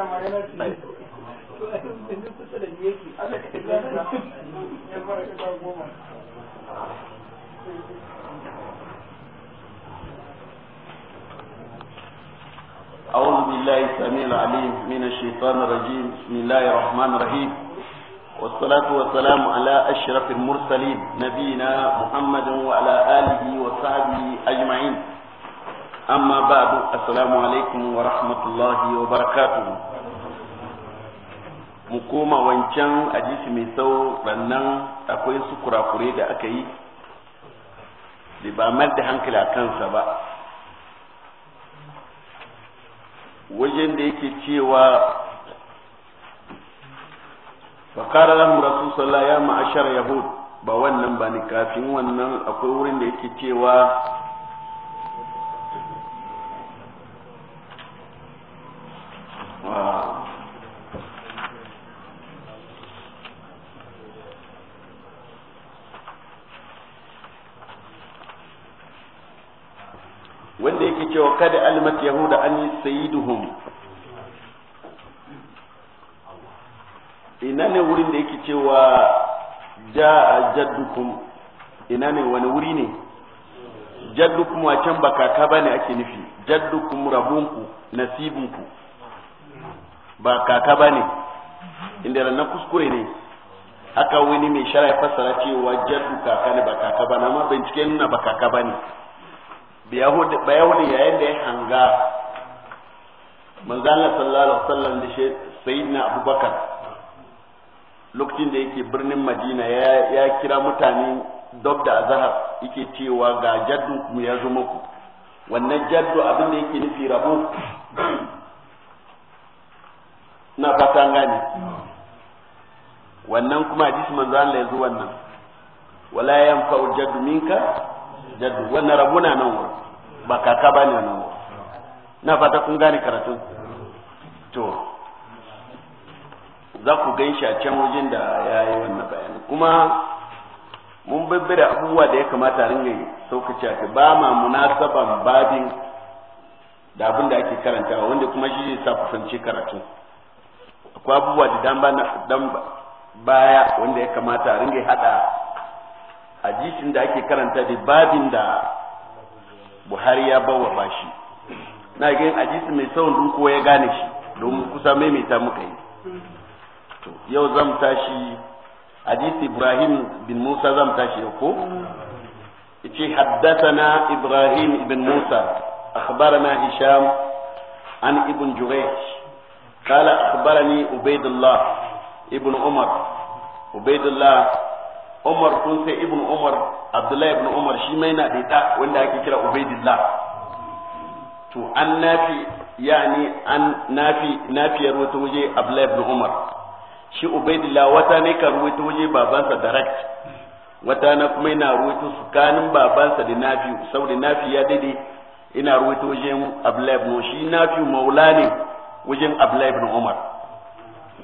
أعوذ بالله السميع العليم من الشيطان الرجيم بسم الله الرحمن الرحيم والصلاة والسلام على أشرف المرسلين نبينا محمد وعلى آله وصحبه أجمعين أما duk السلام عليكم ورحمة الله وبركاته mu koma wancan hadisi sau tsawo rannan akwai su kurakure da aka yi da ba mar da hankali a kansa ba wajen da yake cewa fakara lahu rasul sallallahu ya ma'ashar yahud ba wannan ba ni kafin wannan akwai wurin da yake cewa wanda yake cewa kada almat yahuda an yi sayiduhum ina ne wurin da yake cewa ja'a jaddukum ina ne wani wuri ne jaddukum can baka kaka bane ake nufi jaddukum rabunku nasibunku ba kaka ba ne inda ranar kuskure ne haka wani mai shara ya fassara cewa jaddu kaka ne ba kaka ba na ma bincike nuna ba kaka ba ne ba yahudi yayin da ya hanga manzala sallallahu alaihi wasallam da shi sayyidina abubakar lokacin da yake birnin madina ya kira mutane dab da azhar yake cewa ga jaddu mu ya zo muku wannan jaddu abin da yake nufi rabu na fata gane wannan kuma hadisi manzo Allah ya zo wannan wala yamfa jaddu minka jaddu wannan rabuna nan wa ba kaka ne nan na fata kun gane karatu to za ku gan shi a can wajen da ya yi wannan bayani kuma mun bibbira abubuwa da ya kamata ringa saukaci a ba ma munasaban babin da abin da ake karantawa wanda kuma shi zai sa kusanci karatu akwai abubuwa da dan baya wanda ya kamata ringe hada hadisin da ake karanta da babin da Buhari ya bawa bashi na ganin hadisi mai tsawon dun kowa ya gane shi don kusa maimaita muka yi to yau zan tashi hadisi Ibrahim bin Musa zan tashi yau ko yace haddathana Ibrahim ibn Musa akhbarana Hisham an ibn Jurayh قال أخبرني عبيد الله ابن عمر عبيد الله عمر كنت ابن عمر عبد الله ابن عمر شي ما ينا ديتا ake kira عبيد الله to an nafi yani an nafi nafiyar wata waje Abdullah ibn Umar shi Ubaidillah wata ne kan babansa direct wata na kuma ina ruwaito tsakanin babansa da nafi saboda nafi ya daidai ina ruwaito wajen Abdullah ibn shi nafi maula ne wajen abdullahi ibn umar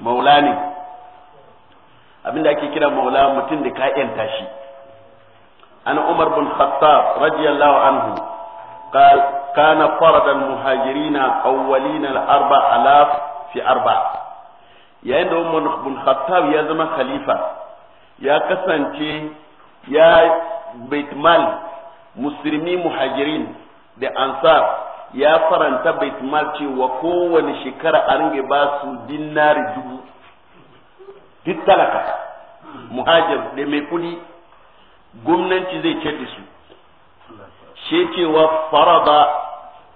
maula ne abinda ake kira maula mutum da ka yanta shi an umar bin khattab radiyallahu anhu قال كان فرض المهاجرين أولين arba alaf fi arba. yayin da Umar bin Khattab ya zama khalifa ya kasance ya baitmal musulmi muhajirin da ansar ya faranta baitmal cewa kowane shekara a ringe ba su dinari dubu duk talaka muhajir da mai kudi gwamnati zai ce su she cewa ba,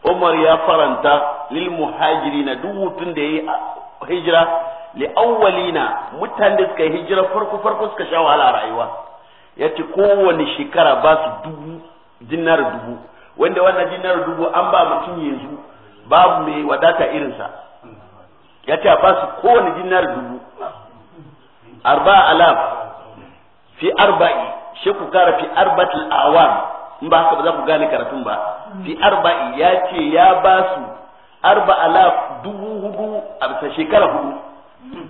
umar ya faranta lil muhajirina dubu tun da ya yi hijira li awwalina mutanen da suka yi hijira farko farko suka sha wahala rayuwa yace kowane shekara ba su dubu dinar dubu wanda wannan dinar dubu an ba mutum yanzu babu mai wadata irinsa ya ce ba su kowane dinar dubu arba alaf fi arba'i shi ku kara fi arbatil awam in ba haka ba za ku gane karatun ba fi arba'i ya ce ya ba su arba alaf dubu hudu a bisa shekara hudu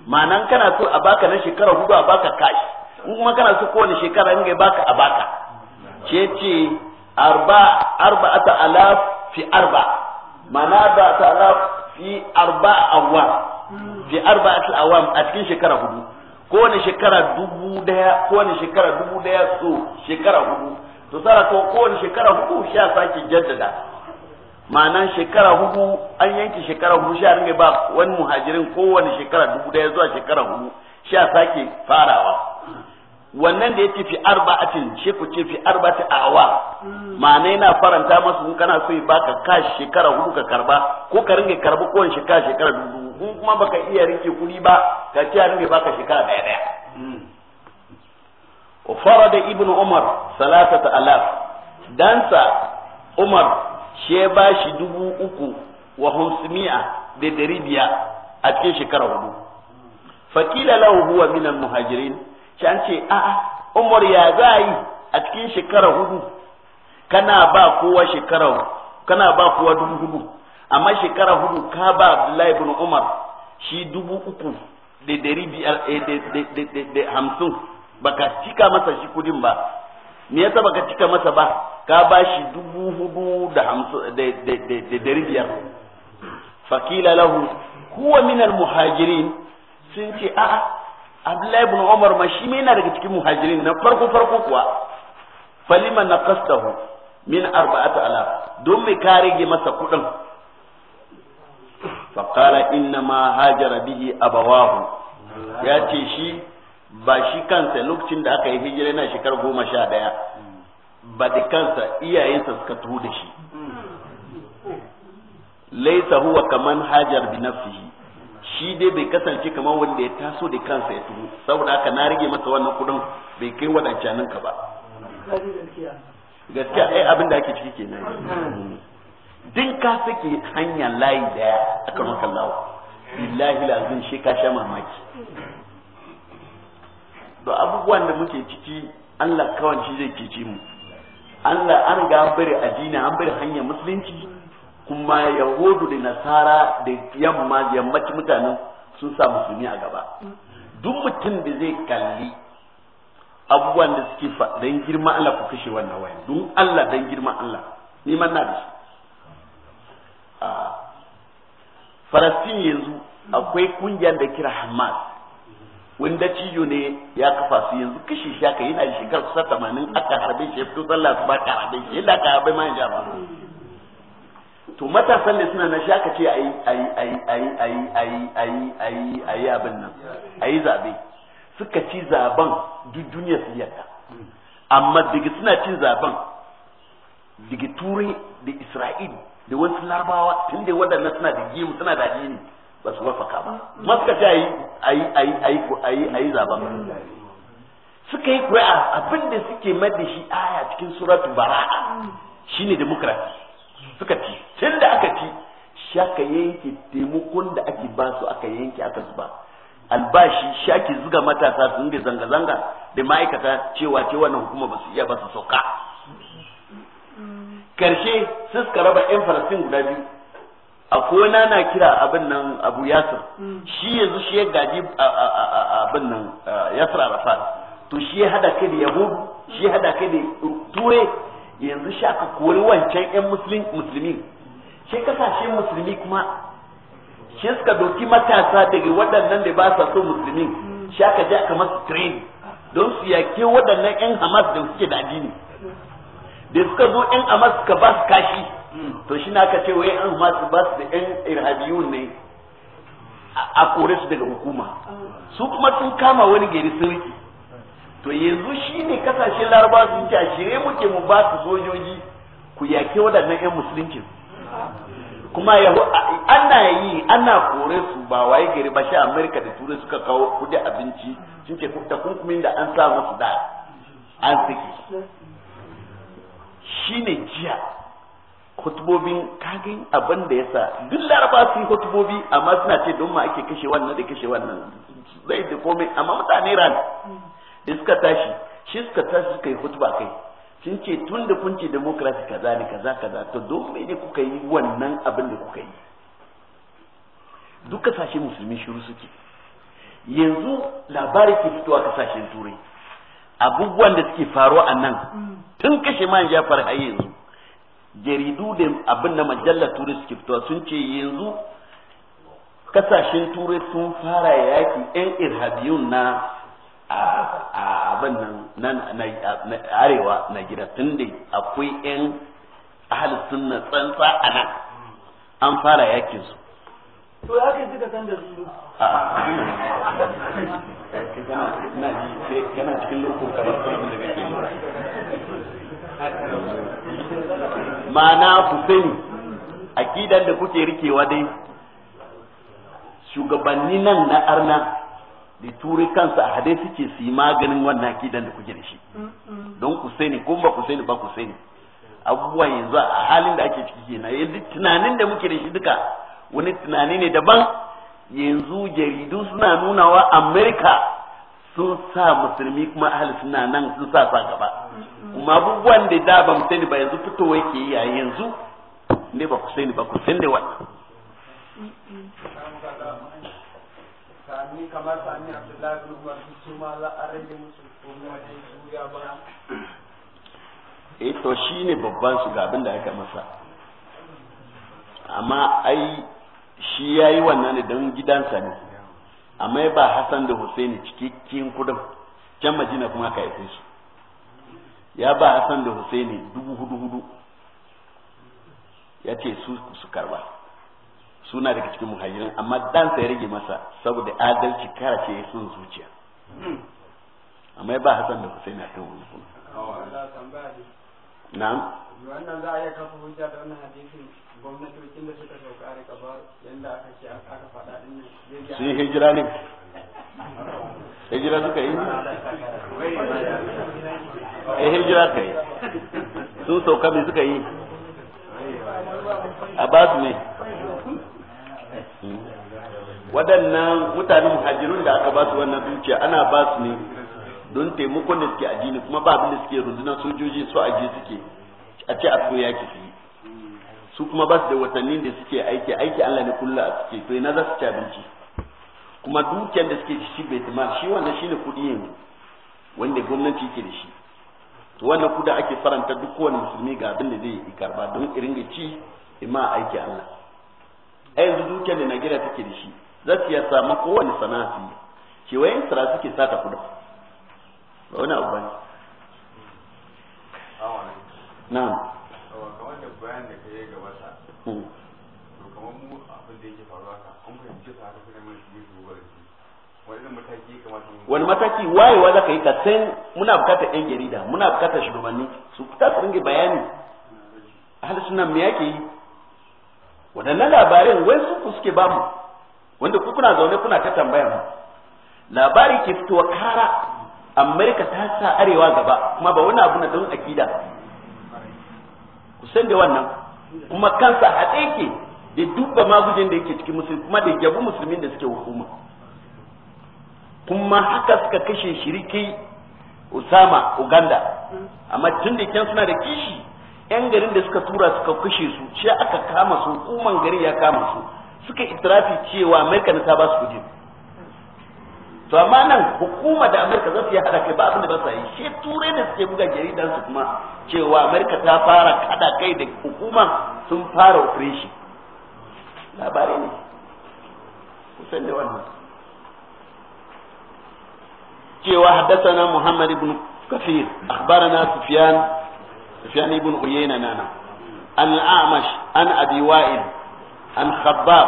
ma'anan kana so a baka na shekara hudu a baka kashi in kuma kana so kowane shekara in ga baka a baka ce ce arba ata alaf fi arba mana ba ta alaf fi arba awam fi ati awam a cikin shekara hudu kowane shekara dubu daya ko kowane shekara dubu daya so shekara hudu to tsara ko kowane shekara hudu shi sha sake jaddada ma'anan shekara hudu an yanke shekara hudu shi sha ringa ba wani muhajirin ko wani shekara dubu daya zuwa shekara hudu shi sha sake farawa wannan da yake fi arba'atin shi ku ce fi arba'ati awa ne hmm. na faranta masu kun kana so baka ka shekara hudu ka karba ko ka ringa karba ko shekara shekara dubu ko kuma baka iya rike kuɗi ba ka ce ringa baka shekara daya daya hmm. wa farada ibn umar salatata alaf dansa umar she ba shi dubu uku wa hamsimiya da dari biya a cikin shekara hudu fakila lahu huwa minal muhajirin can ce a'a umar ya za yi a cikin shekara hudu kana ba kowa shekara kana ba kowa dubu hudu amma shekara hudu ka ba abdullahi ibn umar shi dubu uku da dari biyar eh, da hamsin baka cika masa shi kudin ba me yasa baka cika masa ba ka ba shi dubu hudu da hamsin da dari biyar fakila lahu huwa minal muhajirin sun ce a'a abdullahi ibn umar ma shi yana daga cikin muhajirin na farko farko kuwa falima naqastahu min arba'ati alaf don me ka rage masa kudin fa qala inna ma hajara bihi abawahu ya ce shi ba shi kansa lokacin da aka yi hijira na shekar goma sha daya ba da kansa iyayensa suka tuhu da shi laisa huwa kaman hajar bi nafsihi shi dai bai kasance kamar wanda ya taso da kansa ya tuhu saboda haka na rage masa wannan kudin bai kai wadancanin ka ba gaskiya ai eh, abin da ake ciki kenan din ka sake hanya layi daya akan wakan lawa billahi lazim shi ka sha mamaki da abubuwan da muke ciki Allah kawai shi zai cece mu Allah an ga bari addini an bari hanyar musulunci kuma yahudu da nasara da yamma yammacin mutanen sun sa musulmi a gaba duk mutum da zai kalli abubuwan da suke fa dan girma Allah ku kashe wannan wayan don Allah dan girma Allah ni man na da shi farasin yanzu akwai kungiyar da kira Hamas wanda cijo ne ya kafa su yanzu kashe shi aka yana shekar kusa 80 aka harbe shi ya fito sallah su ba ka harbe shi yadda aka harbe ma ya ba to matasan ne suna na shaka ce ayi ayi ayi ayi ayi ayi ayi ayi ayi abin nan ayi zabe suka ci zaben duk duniya su yarda amma daga suna cin zaben daga turai da isra'il da wasu larabawa tun da wadanda suna da gimu suna da ne ba su wafaka ba maska ta yi ayi ayi ayi ayi ayi zaben suka yi ƙuri'a abin da suke mai da shi aya cikin suratu bara'a shine demokrasi suka ci tun da aka ci shaka yanke taimakon da ake ba su aka yanke aka zuba albashi shaki zuga matasa sun da zanga-zanga da ma'aikata cewa ce wannan hukuma ba su iya ba su sauka karshe suka raba yan falastin guda biyu a na na kira abin nan abu yasir shi yanzu shi ya gaji abin nan yasir arafat to shi ya hada kai da yahudu shi ya hada kai da turai yanzu sha ka kori wancan yan musulmi shi kasashe musulmi kuma shi suka doki matasa daga waɗannan da ba sa so musulmi shi aka ji aka masu train don su yake waɗannan yan hamas da suke da addini da suka zo yan hamas suka ba su kashi to shi na ka ce wai yan hamas ba su da yan irhabiyun ne a kore su daga hukuma su kuma sun kama wani gari sun to yanzu shi ne kasashen laraba sun ce a shirye muke mu ba su sojoji ku yake waɗannan 'yan musulunci kuma yahu ana yi ana kore su ba waye gari ba shi amerika da turai suka kawo kudi abinci sun ce kunkumin da an sa musu da an saki ne jiya hutubobin kagin abin da ya sa duk laraba su yi hutubobi amma suna ce don ma ake kashe wannan da kashe wannan zai da komai amma mutane rana. iska tashi shi suka tashi suka yi hutuba kai sun ce tun da kun ce demokrasi kaza ne kaza kaza to don me ne kuka yi wannan abin da kuka yi duk kasashe musulmi shiru suke yanzu labari ke fitowa kasashen turai abubuwan da suke faruwa a nan mm. tun kashe man jafar har yanzu jaridu da abin da majalla turai suke fitowa sun ce yanzu kasashen turai sun fara yaki yan irhabiyun na a abin nan na arewa na gida da akwai yan ahal sunna tsantsa a nan an fara yakin su to ya kai suka san da su kana cikin lokacin kamar kuma da kake ma'ana ku sani akidan da kuke rikewa dai shugabanni nan na arna da turai kansa a hadai suke su yi maganin wannan akidan da kuke da shi mm, mm. don ku sani ko ba ku sani ba ku sani abubuwa yanzu a halin da ake ciki kenan yanzu tunanin da muke da shi duka wani tunani ne daban yanzu jaridu suna nunawa amerika sun sa musulmi kuma ahli suna nan sun sa sa gaba mm, kuma abubuwan da da ba sani ba yanzu fitowa yake yi a yanzu ne ba ku sani ba ku sani wannan ni kamar sa ni abdullahi bin umar su ma za a rage musu komi wajen juriya ba eh to shine babban su ga abin da aka masa amma ai shi yayi wannan ne don gidansa ne amma ba Hassan da Hussein cikakken kudin can Madina kuma ka yi su ya ba Hassan da Hussein dubu hudu hudu ya ce su su karba suna daga cikin muhajirin amma dan sai rage masa saboda adalci kara ce sun zuciya hmm. amma ba Hassan da Hussein a kan wani kuma na'am wannan za a iya kafa hujja da wannan hadisin gwamnatocin da suka sauka a rika bar yanda aka ce aka faɗa din nan sun hijira ne hijira suka yi eh hijira ka yi sun sauka me suka yi a basu ne waɗannan mutanen muhajirun da aka ba su wannan dukiya ana ba su ne don taimakon da suke addini kuma ba abin da suke rundunar sojoji su a je suke a ce a koya ki su su kuma ba su da watanni da suke aiki aiki Allah ne kullu a suke to ina za su ci abinci kuma dukiyar da suke shi bai tuma shi wannan shine kudi ne wanda gwamnati yake da shi to wannan kuda ake faranta duk kowane musulmi ga abin da zai yi karba don irin ga ci ima aiki Allah a yanzu dukiyar da Najeriya take da shi za su iya samu kowane sana'a yi cewa yan tsira suke sata kuɗa ba wani abu bane na hmm. wani mataki kamar wani mataki ka yi ka san muna bukatar yan jarida muna bukatar shugabanni su fita su ringe bayani ahli sunan me yake yi waɗannan labarin wai su suke bamu wanda ku kuna zaune kuna ta tambaya mu labari ke fitowa kara amerika ta sa arewa gaba kuma ba wani abu na don akida ku san da wannan kuma kansa a yake da dubba magujin da yake cikin musulmi kuma da yabu musulmin da suke hukuma kuma haka suka kashe shiriki Usama Uganda amma tun da kyan suna da kishi yan garin da suka tura suka kashe su shi aka kama su hukuman gari ya kama su suka itirafi cewa amerika ta ba su kudi to amma nan hukuma da amerika za su yi hada kai ba abin da ba su yi she turai ne suke buga jaridan su kuma cewa amerika ta fara kada kai da hukuma sun fara operation labarai ne kusan da wannan cewa haddathana muhammad ibn kafir akhbarana sufyan sufyan ibn uyayna nana an al-a'mash an abi wa'il an khabbab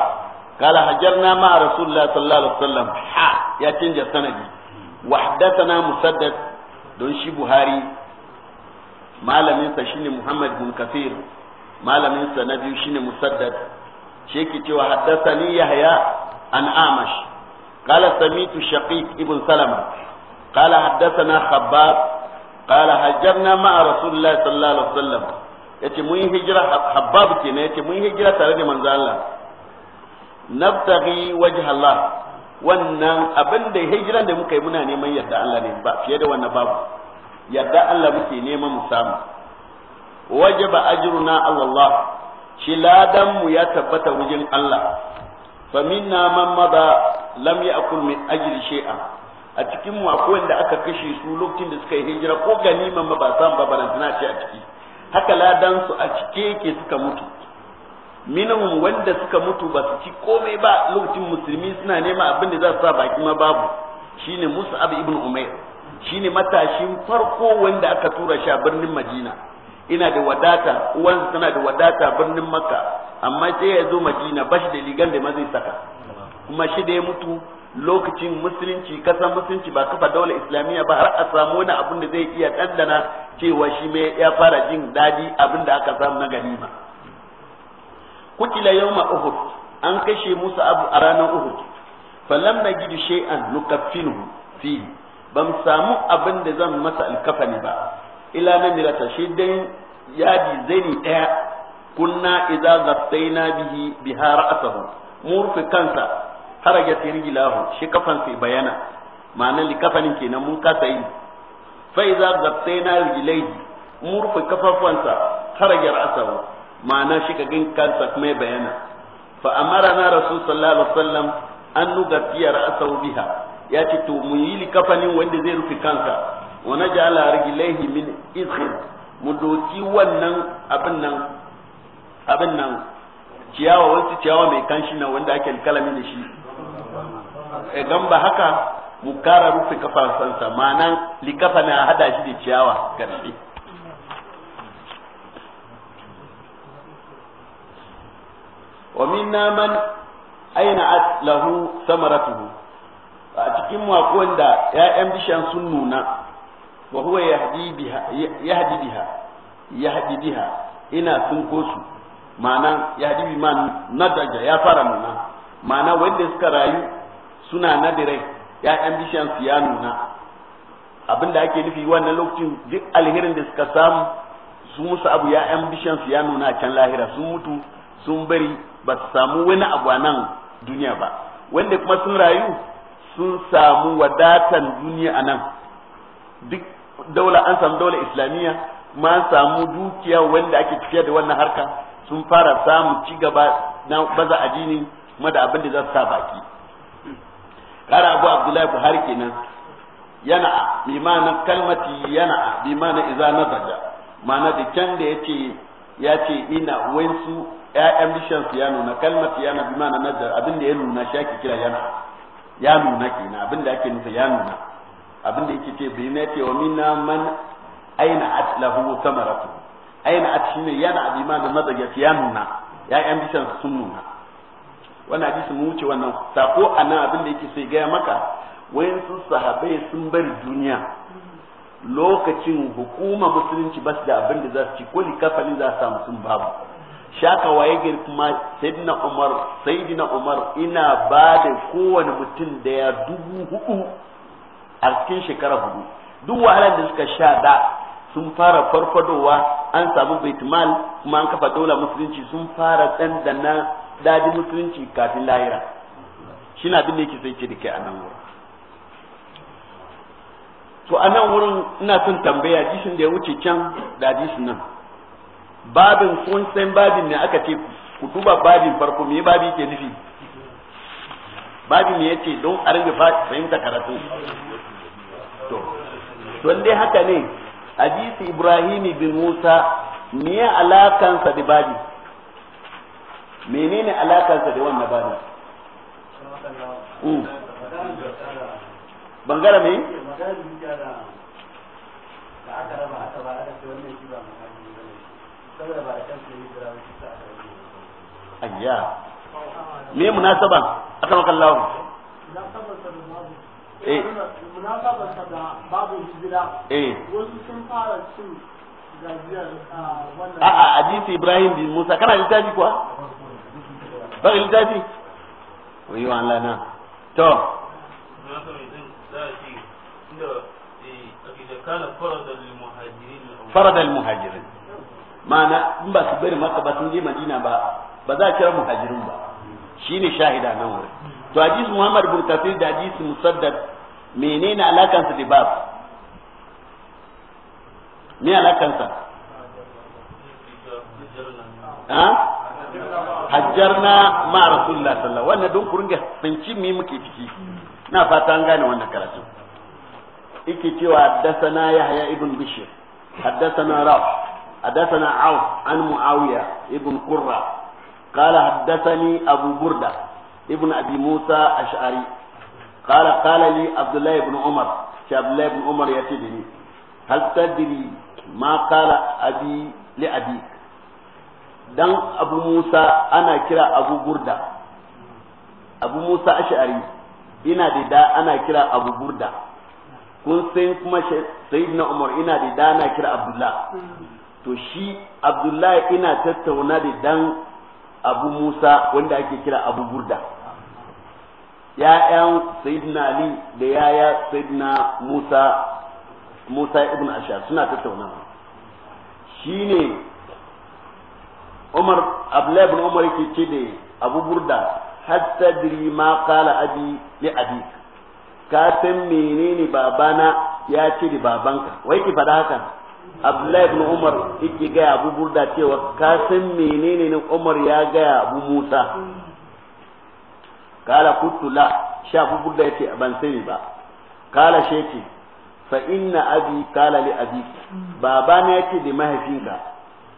قال هجرنا مع رسول الله صلى الله عليه وسلم ح يا تنجا سندي وحدثنا مسدد دون شي بخاري malamin sa shine Muhammad bin Kafir malamin sa na biyu shine Musaddad shi yake cewa haddathani Yahya an Amash qala samitu Shaqiq ibn Salama qala haddathana Khabbab qala hajjarna ma'a Rasulullah sallallahu alaihi wasallam yace mun yi hijira habbab kenan yace mun yi hijira tare da manzo Allah nabtaghi wajha Allah wannan abin da hijiran da muka yi muna neman yadda Allah ne ba fiye da wannan babu yadda Allah muke neman mu samu wajaba ajruna Allah shi ladan mu ya tabbata wajen Allah fa minna man mada lam ya'kul min ajri shay'a a cikin mu akwai wanda aka kashe su lokacin da suka yi hijira ko ganiman ma ba samu ba barantana ce a ciki haka ladan su a cike yake suka mutu minhum wanda suka mutu ba su ci komai ba lokacin musulmi suna nema abin da za su sa baki ma babu shine abu ibn Umair shine matashin farko wanda aka tura shi a birnin Madina ina da wadata uwansa tana da wadata birnin Makka amma sai ya zo Madina bashi da ligan da ma zai saka kuma shi da ya mutu lokacin musulunci kasan musulunci ba kafa daular islamiyya ba har a samu wani abin da zai iya dandana cewa shi mai ya fara jin dadi abin da aka samu na ganima kutila yawma uhud an kashe Musa abu a ranar uhud falam na gidu shay'an nukaffinuhu fi bam samu abin da zan masa alkafani ba ila mirata shi dai yadi zani daya kunna idza ghassaina bihi biha ra'sahu murfi kansa ta rijlahu shi kafan sai bayana ma'anar li kafanin kenan mun kasa yi fa idza rigilai rijlaihi murfa kafafuwansa harajar asabu ma'ana shi ka gin kansa kuma ya bayana fa amara na rasul sallallahu alaihi wasallam an nugatiya ra'asahu biha ya ce to mun yi li kafanin wanda zai rufe kansa wa naj'ala rijlaihi min izhin mu doki wannan abin nan abin nan ciyawa wasu ciyawa mai kanshi na wanda ake kalami da shi idan ba haka mukara rufe kafafansa ma'ana likafa na hada shi da ciyawa garbi wa minna man aina lahu samaratuhu a cikin mako wanda ya'yan bishan sun nuna wa huwa yahdi biha yahdi biha ina sun kosu ma'ana yahdi bi man nadaja ya fara nuna ma'ana wanda suka rayu suna na dire ya'yan bishiyansu ya nuna abin da ake nufi wannan lokacin duk alherin da suka samu su musu abu ya'yan bishiyansu su ya nuna can lahira sun mutu sun bari ba su samu wani abu a nan duniya ba wanda kuma sun rayu sun samu wadatan duniya a nan duk daula an samu daula islamiyya ma samu dukiya wanda ake tafiya da wannan harka sun fara samun ci gaba na baza addinin kuma da abin da za su sa baki kara abu abdullahi buhari kenan yana bi ma'ana kalmati yana bi ma'ana iza nazaja ma'ana da can da yace yace ina wensu ya bishan su ya nuna kalmati yana bi ma'ana nadar abin da ya nuna shi kira yana ya nuna kenan abin da ake nufa ya nuna abin da yake ce bi na ce wa minna man aina atlahu samaratu aina at yana bi ma'ana nazaja ya nuna ya bishan sun nuna wannan hadisi mu wuce wannan sako anan abin da yake sai gaya maka wayansu sahabai sun bari duniya lokacin hukuma musulunci ba su da abin da za su ci ko likafalin za su samu sun babu shaka waye gari kuma sayyidina umar sayyidina umar ina ba da kowane mutum da ya dubu hudu a cikin shekara hudu duk wahalar da suka sha da sun fara farfadowa an samu baitmal kuma an kafa daular musulunci sun fara dandana daji musulunci kafin lahira shi na abin da yake sai ce da kai a nan wurin to a nan wurin ina son tambaya jishin da ya wuce can da jishin nan babin kun san babin ne aka ce ku duba babin farko me babi ke nufi babin ya yace don a ringa fahimta karatu to don dai haka ne hadisi ibrahim bin musa me alakansa da babin menene alakarsa da wannan bani mm. bangare me ayya me munasaba aka maka Allah eh da eh. babu a'a Ibrahim bin Musa kana littafi kuwa ba ka littafi wai wa Allah na to farad al-muhajirin ma'ana in ba su bari maka ba sun je madina ba ba za a kira muhajirin ba shine shahida nan wurin to hadisi muhammad bin kafir da hadisi musaddad menene alakan su da bab me alakan sa ha hajjarna ma rasulullah sallallahu wannan don ku ringa tsinci mi muke ciki na fata an gane wannan karatu yake cewa haddathana yahya ibn bishr haddathana raf haddathana auf an muawiya ibn qurra قال حدثني أبو بردة ابن أبي موسى أشعري قال قال لي عبد الله بن عمر عبد الله بن عمر hal tadri ma qala abi li abi dan abu musa ana kira abu burda abu musa ash'ari ina da da ana kira abu burda kun san kuma sayyidina umar ina da da ana kira abdullah to shi abdullah ina tattauna da dan abu musa wanda ake kira abu burda ya'yan sayyidina ali da yaya sayyidina musa musa ibn ashar suna tattaunawa shine umar abdullahi ibn umar yake ce da abu burda hatta diri ma qala abi li abi ka san menene babana ya ce da babanka wai ki fada haka abdullahi ibn umar yake ga abu burda cewa ka san menene ne umar ya ga abu musa kala kuntu la sha abu burda yace ban sani ba kala sheki fa inna abi kala li abi babana yace da mahaifinka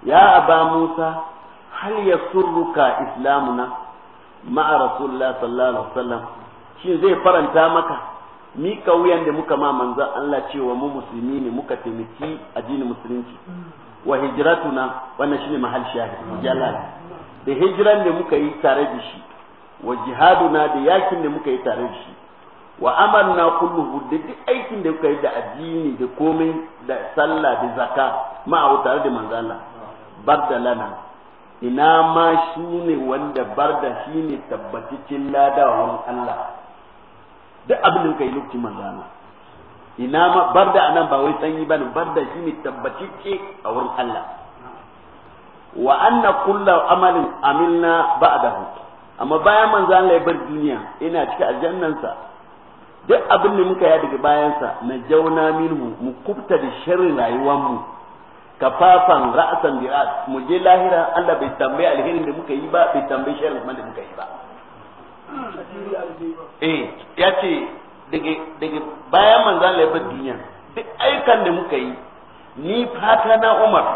ya aba musa hal ya surruka islamuna ma'a rasulullah sallallahu alaihi wasallam shi zai faranta maka mi wuyan da muka ma manzan Allah cewa mu musulmi ne muka taimaki addinin musulunci wa hijratuna wannan shine mahal shahid jalal da hijran da muka yi tare da shi wa jihaduna da yakin da muka yi tare da shi wa amanna kulluhu da duk aikin da muka yi da addini da komai da sallah da zakka ma a tare da manzan Allah bardalana ina ma shi ne wanda da shi ne tabbatacin ladawan Allah duk abin kai lokacin manzana ina ma bar da anan ba wai sanyi ba ne da shi ne tabbatacce a wurin Allah wa anna kullu amalin amilna ba'dahu amma bayan manzan Allah ya bar duniya ina cikin aljannansa duk abin da muka ya daga bayansa na jauna minhu mu kubta da sharri rayuwar mu kafafan ra'asan bi'ad mu je lahira Allah bai tambaye alherin da muka yi ba bai tambaye sharrin kuma da muka yi ba eh ya ce daga daga bayan manzan laifin duniya duk aikan da muka yi ni fata na Umar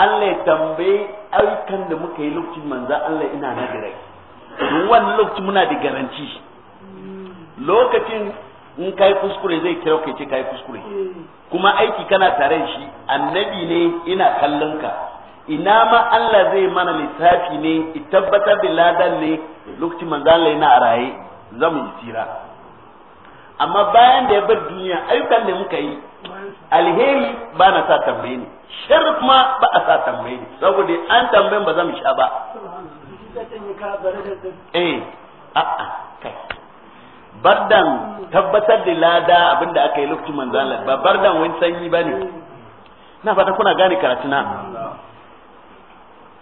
Allah ya tambaye aikan da muka yi lokacin manzan Allah ina na da wannan lokacin muna da garanti lokacin in kai kuskure zai kira kai ce kai kuskure kuma aiki kana tare shi annabi ne ina kallon ka ina ma Allah zai mana lissafi ne tabbatar da ladan ne lokacin manzo Allah yana a raye zamu yi tsira amma bayan da ya bar duniya ayyukan da muka yi alheri ba na sa tambaye ne sharri kuma ba a sa tambaye ne saboda an tambayen ba za mu sha ba eh a'a kai bardan tabbatar da lada abinda aka yi lokacin manzo Allah ba bardan wani sanyi bane na fata kuna gane karatu na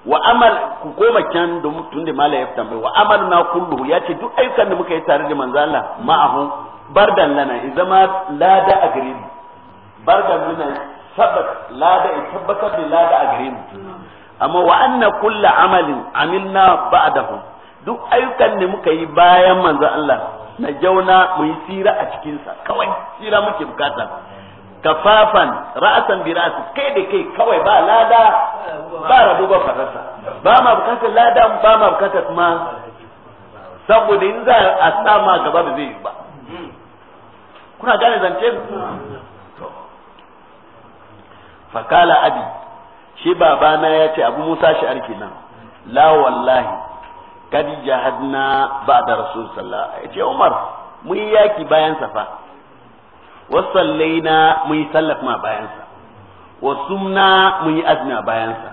wa amal ku koma can da tunda mala ya tambaye wa amal na kullu ya ce duk ayyukan da muka yi tare da manzo Allah ma'ahu bardan lana zama lada a gare mu bardan muna sabat lada in tabbatar da lada a gare mu amma wa anna kullu amalin amilna ba'dahu duk ayyukan da muka yi bayan manzon Allah na jauna mu yi sira a cikinsa kawai sira muke bukata kafafan ra'asan bi ra'asi kai da kai kawai ba lada ba rabu ba farasa ba ma bukatar lada ba ma bukatar ma saboda in za a sama gaba da zai yi ba kuna gane zance fakala abi shi babana ya ce abu musa shi arki nan la wallahi kad jahadna ba'da rasul sallallahu alaihi wasallam Umar mun yi yaki bayan safa wa sallaina mun yi sallah ma bayan sa wa sumna mun yi azna bayan sa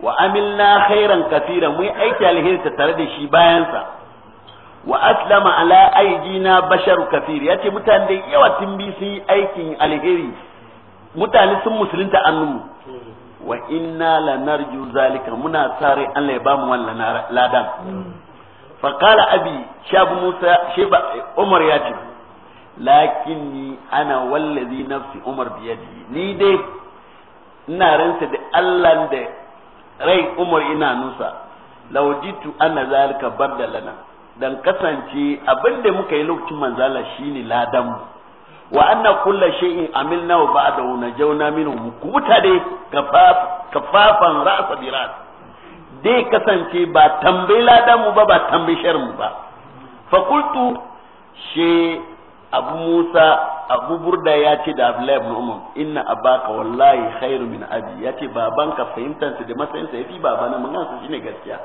wa amilna khairan kathira mun yi aiki alheri ta tare da shi bayan sa wa aslama ala aijina bashar kafir yace mutane da yawa tun bi sun yi aikin alheri mutane sun musulunta annu wa inna lanarju zalika muna sare Allah ya bamu mu wannan ladan fa qala abi shabu musa sheba umar ya ce lakinni ana wallazi nafsi umar yadi ni dai ina ransa da Allah da rai umar ina nusa laujitu anna zalika badalana dan kasance abinda muka yi lokacin manzala shine ladan mu wa anna kulla shay'in amilna wa ba'dahu najawna minhum kubuta dai kafafan ra'sa bi ra's dai kasance ba tambayi da mu ba ba tambayi shar mu ba fa qultu she abu musa abu burda ya ce da abdullahi ibn umar inna abaka wallahi khairu min abi ya ce fahimtan su da sa yafi babana mun gansa shine gaskiya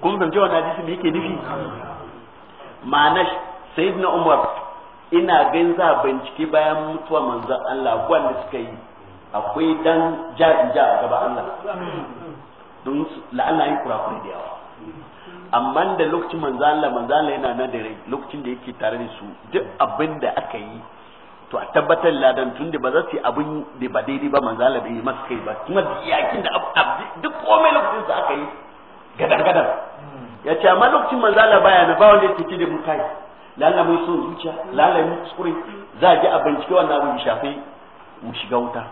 kun fahimci wannan hadisi me yake nufi ma'ana sayyidina umar ina gan za bincike bayan mutuwa manzon Allah abubuwan da suka yi akwai dan ja'in ja a gaba Allah don la'alla yi kurakurai da yawa amma da lokacin manzon Allah manzon Allah yana nan da rai lokacin da yake tare da su duk abin da aka yi to a tabbatar ladan tun da ba za su yi abin da ba daidai ba manzon Allah bai yi masa kai ba kuma yakin da duk komai lokacin su aka yi gadan gadan ya ce amma lokacin manzon Allah baya na ba wanda yake da mutai mai son zuciya lalamai kuskure za a ji a bincike wannan abin shafe shafi mu shiga wuta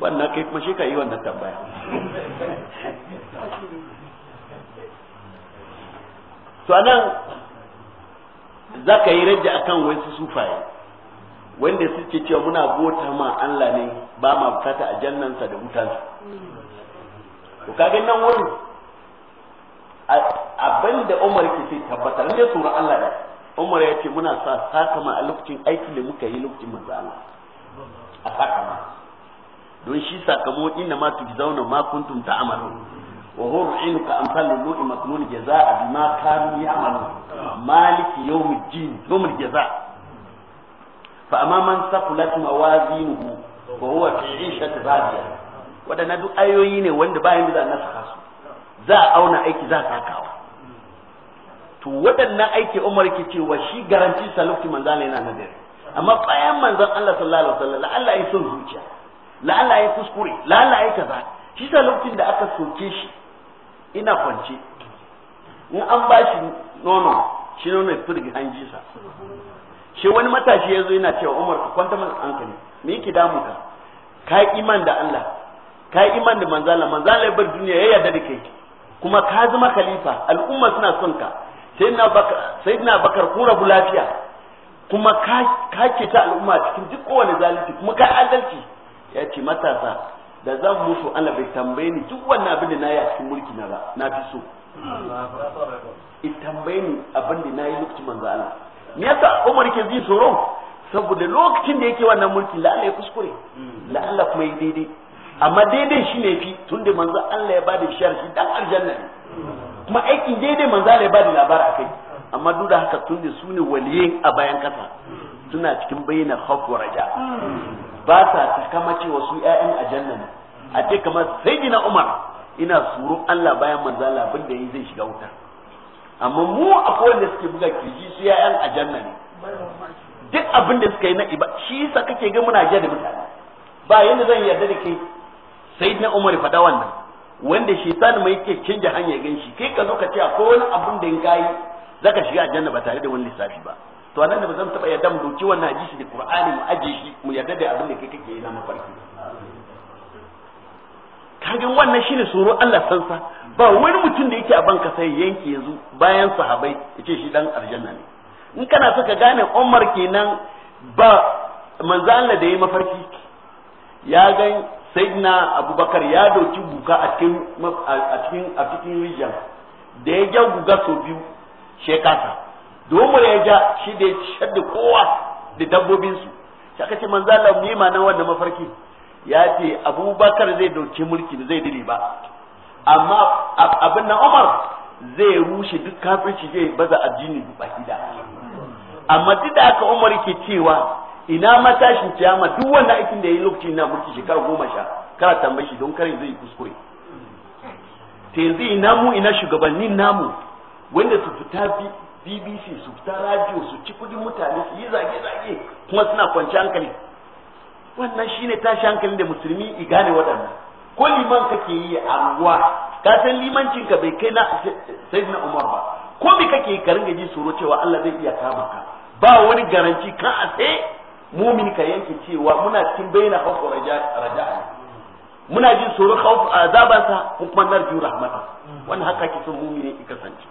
wannan kai kuma shi ka yi wannan tambaya to anan za ka yi rajja akan wasu sufaye wanda suke cewa muna bota ma Allah ne ba ma bukata a jannansa da wutansa to kaga nan wani. abin da Umar ke ce tabbatar ne tsoron Allah da Umar ya ce muna sa sakama a lokacin aiki da muka yi lokacin manzo Allah a sakama don shi sakamo inna ma tujzauna ma kuntum ta'malun wa hur inka amsal lu'i maknun jazaa bima kanu ya'malun maliki yawmiddin yawmul jazaa fa amma man saqulat mawazinuhu wa huwa fi 'ishati radiya wadannan duk ayoyi ne wanda bayan da na saka su za a auna aiki za a sakawa to waɗannan aiki umar ke cewa shi garanti salufti manzala yana dare amma bayan manzan Allah sallallahu alaihi wasallam la'alla ya son zuciya la'alla ya kuskure la'alla ya kaza shi saluftin da aka soke shi ina kwance in an ba shi nono shi nono ya firgi sa shi wani matashi ya zo yana cewa umar ka kwanta mana hankali me yake damu ka ka iman da Allah ka iman da manzala manzala ya bar duniya ya yarda da kai kuma ka zama khalifa al'umma suna son ka sayyidina bakar kura bu lafiya kuma ka ce ta al'umma cikin duk kowane zalunci kuma ka adalci ya ce matasa da zan mutu ana bai tambaye ni duk wannan abin da nayi a cikin mulki na ba na fi so i tambaye ni abin da nayi lokacin manzo Allah me yasa Umar ke ji tsoro saboda lokacin da yake wannan mulki la'alla ya kuskure la'alla kuma yi daidai amma daidai shi ne fi tun da manzo Allah ya ba da bishiyar shi dan aljanna ne kuma aiki daidai manzo Allah ya ba da labar a kai amma duk da haka tun da su ne waliyin a bayan kasa suna cikin bayyana khawf wa raja ba sa takama cewa su ƴaƴan aljanna ne a ce kamar sayyidina Umar ina surun Allah bayan manzo Allah abin da yi zai shiga wuta amma mu akwai wanda suke buga kirji su ƴaƴan aljanna ne duk abin da suka yi na iba shi yasa kake ga muna jada mutane ba yanda zan yarda da kai na umar fada wannan wanda shaitan mai yake canja hanya gan shi kai ka zo ka ce akwai wani abun da in kai zaka shiga aljanna ba tare da wani lissafi ba to anan da ba zan taba yarda mu doki wannan hadisi da qur'ani mu aje shi mu yarda da abin da kai kake yi na mafarki kaga wannan shine tsoro Allah sansa ba wani mutum da yake a banka sai yanke yanzu bayan sahabai yace shi dan aljanna ne in kana so ka gane Umar kenan ba manzo Allah da yayi mafarki ya gan sayyidina abubakar ya dauki guga a cikin a rijiyar da ya ja guga so biyu shekasa domin ya ja shi da ya shadda kowa da dabbobinsu shi aka ce manzo Allah ne ma nan wannan mafarki ya ce abubakar zai dauki mulki zai dire ba amma abin nan Umar zai rushe duk kafirci zai baza addini baki da amma duk da aka Umar ke cewa ina matashin kiyama duk wanda aikin da yayi lokacin na mulki shekara goma sha kana tambayi shi don kare zai kuskure ta yanzu ina mu ina shugabannin namu wanda su fita bbc su fita radio su ci kudin mutane su yi zage-zage kuma suna kwanci hankali wannan shine tashi hankali da musulmi i gane waɗannan ko liman kake yi a ruwa ka san limancin ka bai kai na sayyidina umar ba ko me kake yi ka ringa ji tsoro cewa Allah zai iya kama ka ba wani garanci kan a sai mumin ka yanke cewa muna cikin bayyana khawfu raja'a muna jin tsoron a azabansa ko kuma narju rahmata wannan haka ke son mumin ya kasance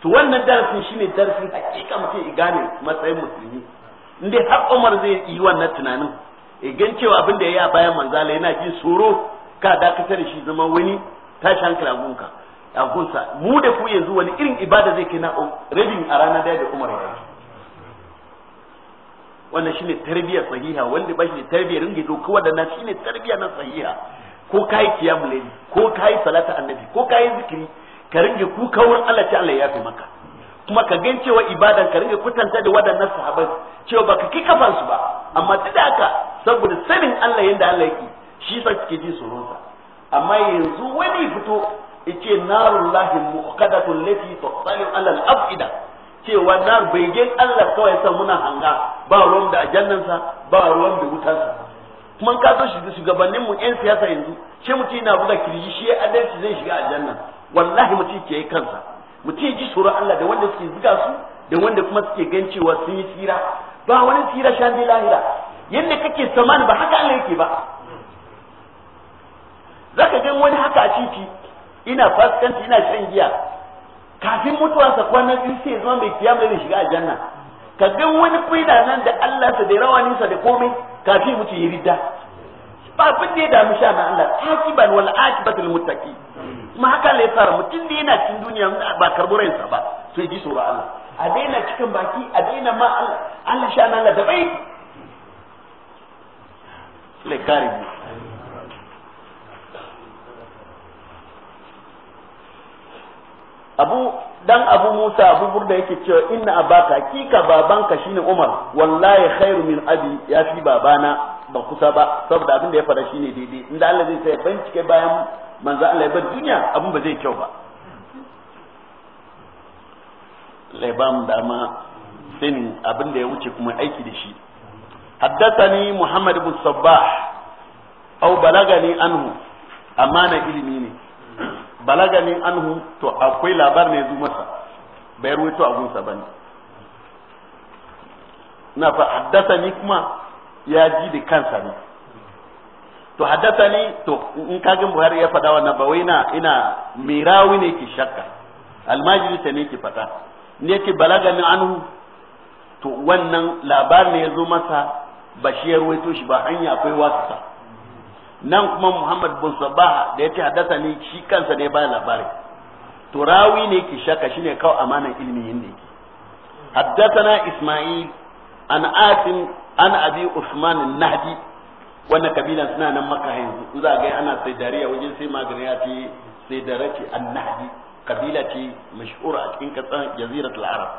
to wannan darasin shine darasin hakika mutum ya gane matsayin musulmi inda har Umar zai yi wannan tunanin ya gan cewa abin da ya yi a bayan manzala yana jin tsoro ka dakatar da shi zama wani tashi hankali agunka agunsa mu da ku yanzu wani irin ibada zai kai na rabin a rana daya da Umar ya yi wannan shine tarbiyya sahiha wanda ba shi da tarbiyya ringa do ko da na shine tarbiyya na sahiha ko kai kiyamu ne ko kai salata annabi ko kai zikiri ka ringa kuka kawar Allah ta Allah ya fi maka kuma ka gan cewa ibadan ka ringa kutanta da wadannan sahabbai cewa baka ki kafan su ba amma duk da haka saboda sanin Allah yanda Allah yake shi sa kike ji tsoronsa amma yanzu wani fito yace narullahi muqaddatun lati tasalu ala al-afida cewa na begen Allah kawai sa muna hanga ba ruwan da sa ba ruwan da wutansa kuma ka zo shi shugabannin mu yan siyasa yanzu shi mutum yana buga kirji shi ya adalci zai shiga aljanna wallahi mutum ke yi kansa mutum ji tsoron Allah da wanda suke buga su da wanda kuma suke gan cewa sun yi tsira ba wani tsira sha bi lahira yadda kake samani ba haka Allah yake ba zaka gan wani haka a ciki ina fasikanci ina shan giya kafin sa kwanan in sai zama mai kiyama zai shiga aljanna ka ga wani kuida nan da Allah sa da rawaninsa da komai kafin mutu yi ridda ba bin da ya damu sha na Allah taqiban wal aqibatul muttaqi kuma haka ne fara mutun da yana cikin duniya ba karburan sa ba sai ji tsoron Allah a daina cikin baki a daina ma Allah Allah sha na Allah da bai lekari abu dan abu musa abu burda yake cewa inna abaka hakika babanka shine umar wallahi khairu min abi ya fi babana ba kusa ba saboda abin da ya fara shine daidai inda Allah zai sai bincike bayan manzo Allah ya bar duniya abin ba zai kyau ba laibam dama sin abin da ya wuce kuma aiki da shi haddathani muhammad ibn sabbah aw balagani anhu amana ilimi ne balaganin anhu to akwai labar ne zo masa bai ruwaito a gunsa bane na fa haddasa ni kuma ya ji da kansa ne to haddasa ni to in kagin buhari ya fada wannan ba wai na ina mirawi ne ki shakka almajiri ta ne ki fata ne ki balaganin anhu to wannan labar ne ya zo masa ba shi ya ruwaito shi ba hanya akwai wasa nan kuma muhammad bin sabaha da ya ce haddasa ne shi kansa ne ba labari to rawi ne ki shaka shine kawai amanan ilmi yin ne haddasana isma'il an asim an abi usman nahdi wannan kabilan suna nan makka yanzu za ga ana sai dariya wajen sai magana ya ce sai darati an nahdi kabila ce mashhura a cikin kasar jaziratul arab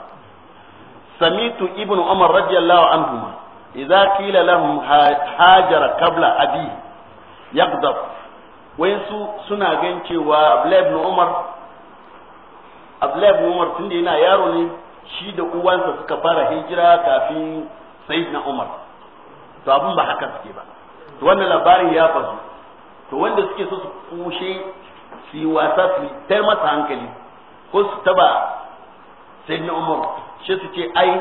samitu ibnu umar radiyallahu anhu idza qila lahum hajara qabla abi yagdab wayansu suna gan cewa Abdullahi ibn Umar Abdullahi ibn Umar tunda yana yaro ne shi da uwansa suka fara hijira kafin Sayyidina Umar to abun ba haka suke ba to wannan labarin ya faru to wanda suke so su kushe su yi wasa su tar masa hankali ko su taba Sayyidina Umar shi su ce ai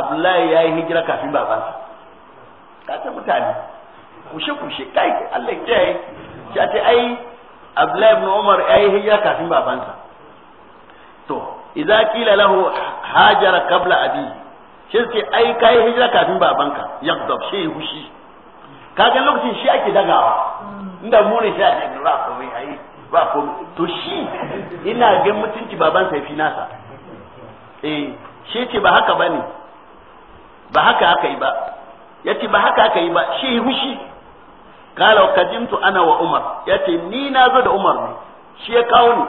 Abdullahi ya yi hijira kafin babansa ka mutane kushe kushe kai Allah ya kiyaye shi a ce ai Abdullahi ibn Umar ai hijira kafin babansa to idza qila lahu hajara qabla abi shi ce ai kai hijira kafin babanka yakdab shi hushi kaga lokacin shi ake dagawa inda mu ne shi a cikin ba komai ai ba komai to shi ina ga mutunci babansa yafi nasa eh shi ce ba haka bane ba haka aka yi ba yace ba haka aka yi ba shi hushi kala wa kajimtu ana wa umar ce ni na zo da umar ne shi ya kawo ni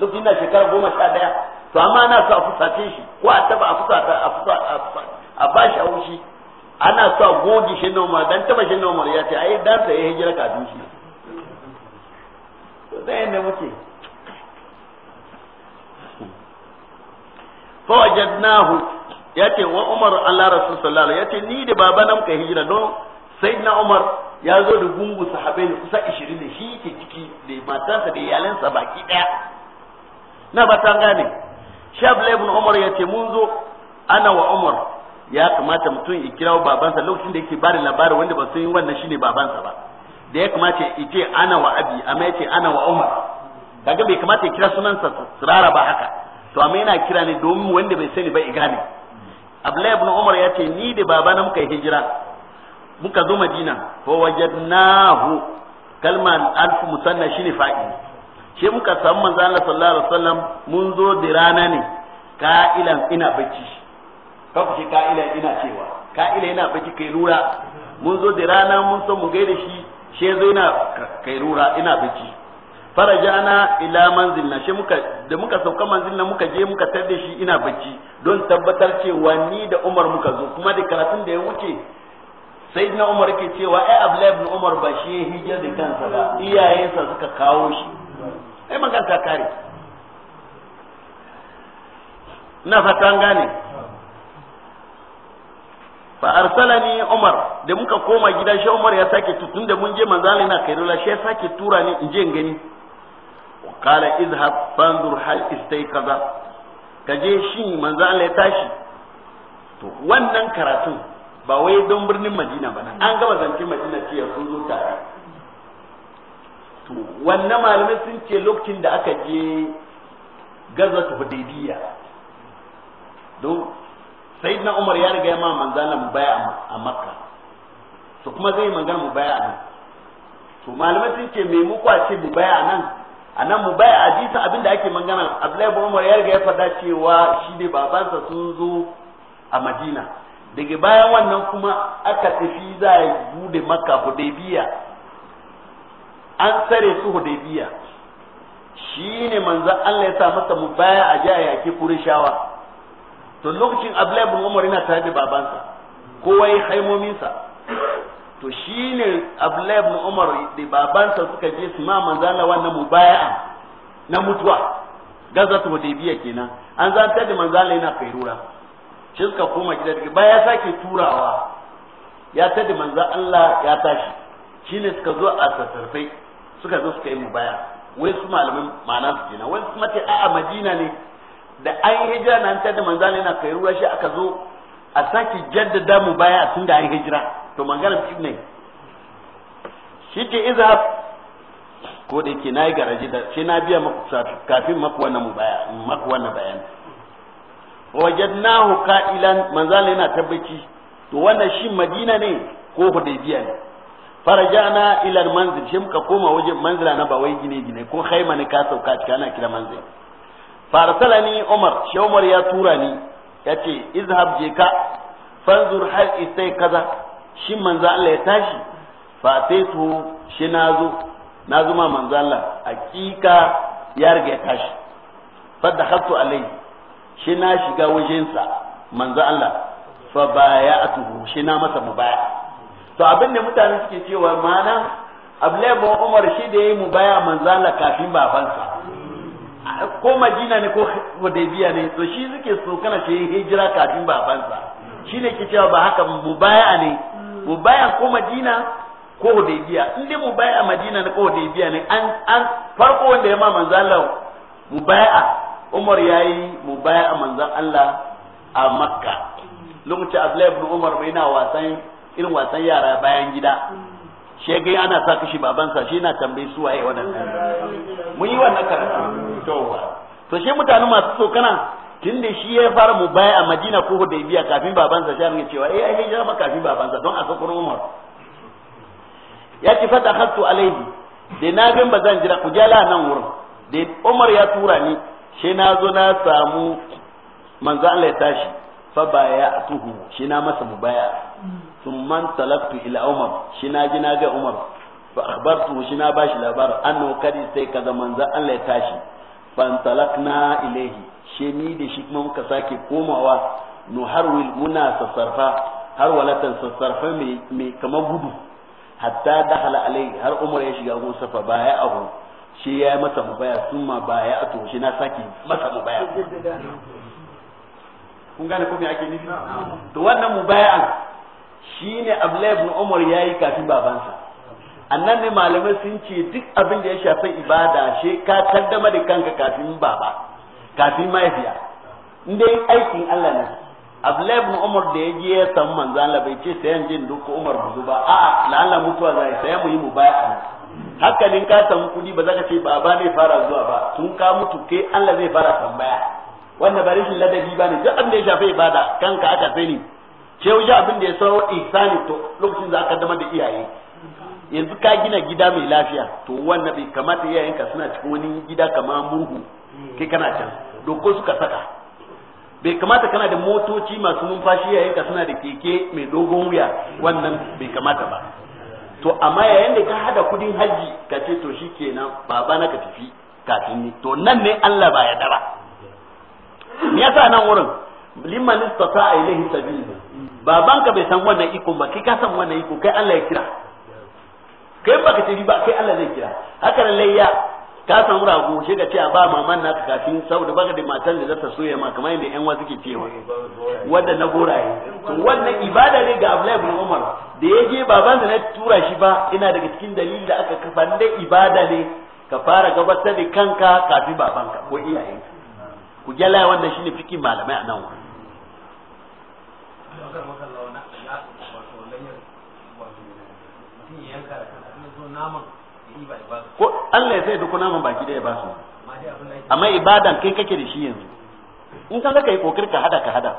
duk ina shekara goma sha daya to amma na so a fusace shi ko a taba a fusata a fusa a bashi a wushi ana so a goge shi noma dan taba shi noma ya ce ai dan sa ya hijira ka dushi to dai ne muke fa wajadnahu yace wa umar Allah rasul sallallahu alaihi yace ni da babanan ka hijira don sayyidina umar ya zo da gungu sahabai da kusa 20 da shi ke ciki da matansa da iyalansa baki daya na ba ta gane shi abdullahi ibn umar ya ce mun zo ana wa umar ya kamata mutum ya kirawo babansa lokacin da yake bada labarin wanda ba su yi wannan shine babansa ba da ya kamata ya ce ana wa abi amma ya ce ana wa umar kaga bai kamata ya kira sunansa sirara ba haka to amma yana kira ne domin wanda bai sani ba ya gane abdullahi ibn umar ya ce ni da babana muka hijira muka zo madina fa wajadnahu kalman alf musanna shine fa'i she muka samu manzo Allah sallallahu alaihi wasallam mun zo da rana ne ka'ilan ina bacci ka ku ka'ilan ina cewa ka'ilan ina bacci kai rura mun zo da rana mun so mu gaida shi she zo ina kai rura ina bacci farajana ila manzilna she muka da muka sauka manzilna muka je muka tarde da shi ina bacci don tabbatar cewa ni da Umar muka zo kuma da karatun da ya wuce sayyidina umar ke cewa ai abdullahi ibn umar ba shi ya hijira da kansa ba iyayensa suka kawo shi ai maganta kare na fatan gane fa arsalani umar da muka koma gida shi umar ya sake tutun da mun je manzali na kairula shi ya sake tura ni in je in gani wa qala izhab fanzur hal istayqaza kaje shin manzali ya tashi to wannan karatun ba wai don birnin madina ba an gaba zancen madina ce ya sun zo tare to wannan malamai sun ce lokacin da aka je gazatu hudaybiya don na umar ya riga ya ma manzana mu baya a makka to kuma zai magana mu baya nan to malamai sun ce mai mu ce mu baya nan a nan mu baya a jisa abinda ake magana abdullahi umar ya riga ya fada cewa shi ne babansa sun zo a madina daga bayan wannan kuma aka tafi za a bude maka hudaybiya an tsare su hudaybiya shine manzon Allah ya sa masa baya a jaya yake kurishawa to lokacin Abdullahi bin Umar yana tare da babansa kowa ya haimominsa to shine Abdullahi bin Umar da babansa suka je su ma manzo Allah wannan baya na mutuwa gazatu hudaybiya kenan an zantar da manzo Allah yana kairura shi suka koma gida daga baya sake turawa ya ta da manzo Allah ya tashi shine suka zo a sassarfai suka zo suka yi mu baya wai su malamin ma'ana su kenan wai su mace a'a Madina ne da an hijira nan ta da manzo Allah yana kai ruwa shi aka zo a sake jaddada mu baya tun da an hijira to magana ne. shi ke iza ko da yake nayi garaji da shi na biya maku kafin maku wannan mu baya maku wannan bayani wajadnahu qa'ilan manzal yana tabbaci to wannan shi madina ne ko hudaybiya ne farajana ila manzil shi muka koma wajen manzila na ba wai gine gine ko khaima ne ka sauka cika ana kira manzil farsalani umar shi umar ya tura ni yace izhab je ka fanzur hal isai kaza shi manzo Allah ya tashi fa sai to shi nazo nazo ma manzo Allah hakika ya riga ya tashi fa hattu alai shi na shiga wajensa manzo Allah fa baya'atuhu shi na masa mubaya to abin da mutane suke cewa mana Abdullahi bin Umar shi da yayi mubaya manzo Allah kafin babansa ko Madina ne ko Hudaybiya ne to shi suke so kana ce hijira kafin babansa shine ke cewa ba haka mubaya ne mubaya ko Madina ko Hudaybiya in dai mubaya Madina ne ko Hudaybiya ne an an farko wanda ya ma manzo Allah mubaya Umar ya yi baya a manzan Allah a Makka lokacin Abdullahi ibn Umar bai na wasan irin wasan yara bayan gida shegai ana sa kashi babansa shi na tambayi su waye wannan mun yi wannan karatu to to shi mutane masu tsokana tun da shi ya fara mu baya a Madina ko Hudaybiya kafin babansa shi ne cewa eh ai hijira ma kafin babansa don a sakuru Umar ya ce fata khattu alaihi da na gan bazan zan jira ku nan wurin da Umar ya tura ni shi na zo na samu manzo Allah ya tashi fa baya atuhu shi na masa mubaya man talaqtu ila umar shi na ji na ga umar fa akhbartu shi na bashi labar annahu kadi sai kaza manzo Allah ya tashi fa talakna ilayhi shi ni da shi kuma muka sake komawa nuharwil muna sassarfa har walatan sassarfa mai kamar gudu hatta dakhala alai har umar ya shiga gusafa baya abu shi ya yi masa mubaya sun ma baya a toshe na sake masa mubaya kun gane ko me ake nufi to wannan mubaya shine Abdullahi ibn Umar yayi kafin babansa annan ne malamai sun ce duk abin da ya shafi ibada she ka kaddama da kanka kafin baba kafin mahaifiya in dai aikin Allah ne Abdullahi ibn Umar da ya je ya samu manzo Allah bai ce sai yanzu duk Umar buzu ba a'a la'alla mutuwa zai sai mu yi mubaya hankalin ka samu kudi ba za ka ce baba ne fara zuwa ba tun ka mutu kai Allah zai fara tambaya wannan ba rashin ladabi ba ne duk abin da ya shafi ibada kanka aka sani ce wuce abin da ya sauro ihsani to lokacin za ka dama da iyaye yanzu ka gina gida mai lafiya to wannan bai kamata iyayenka suna cikin wani gida kamar murhu ke kana can doko suka saka bai kamata kana da motoci masu numfashi yayin ka suna da keke mai dogon wuya wannan bai kamata ba to amma yayin da ka hada kudin haji ka ce to shi kenan baba na ka tafi kafin ni to nan ne Allah ba ya dara me yasa nan wurin liman istata ilaihi sabila baban ka bai san wannan iko ba kai ka san wannan iko kai Allah ya kira kai ba ka tafi ba kai Allah zai kira haka nan layya ka samu rago shi ga ce a ba maman naka kafin saboda baka da matan da za ta soya ma kamar yadda yan wasu ke cewa wanda na goraye to wannan ibada ne ga Abdullahi ibn Umar da ya je baban da na tura shi ba ina daga cikin dalilin da aka kafa da ibada ne ka fara gabatar da kanka kafin babanka ko iyayenka ku gela wannan shine fikin malamai a nan wani ko Allah ya sai duk naman baki da ya ba su amma ibadan kai kake da shi yanzu in san kai yi kokari ka hada ka hada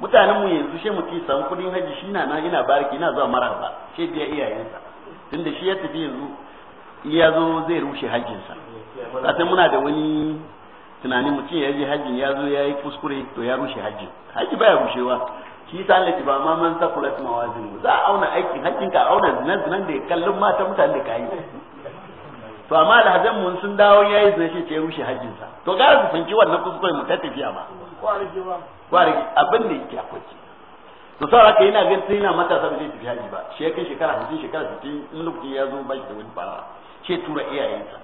mutanen mu yanzu she mu san kudin haji shi na nan ina bariki ina zuwa maraba she biya iyayensa tunda shi ya tafi yanzu ya zo zai rushe hajjinsa sai muna da wani tunanin mutum ya je hajji ya zo ya yi kuskure to ya rushe hajji hajji baya rushewa shi ta lati ba ma man mawazin za a auna aikin hajjin ka auna zinan zinan da kallon mata mutane da kayi to amma alhazan mun sun dawo yayi zai ce ya rushe hajjin sa to gara su fanki wannan kuskure mu ta tafiya ba kwari abin da yake akwai to saboda kai ina ganin tun matasa ba zai tafi hajji ba shi ya kai shekara 50 shekara 60 in lokaci ya zo ba shi da wani fara ce tura iyayensa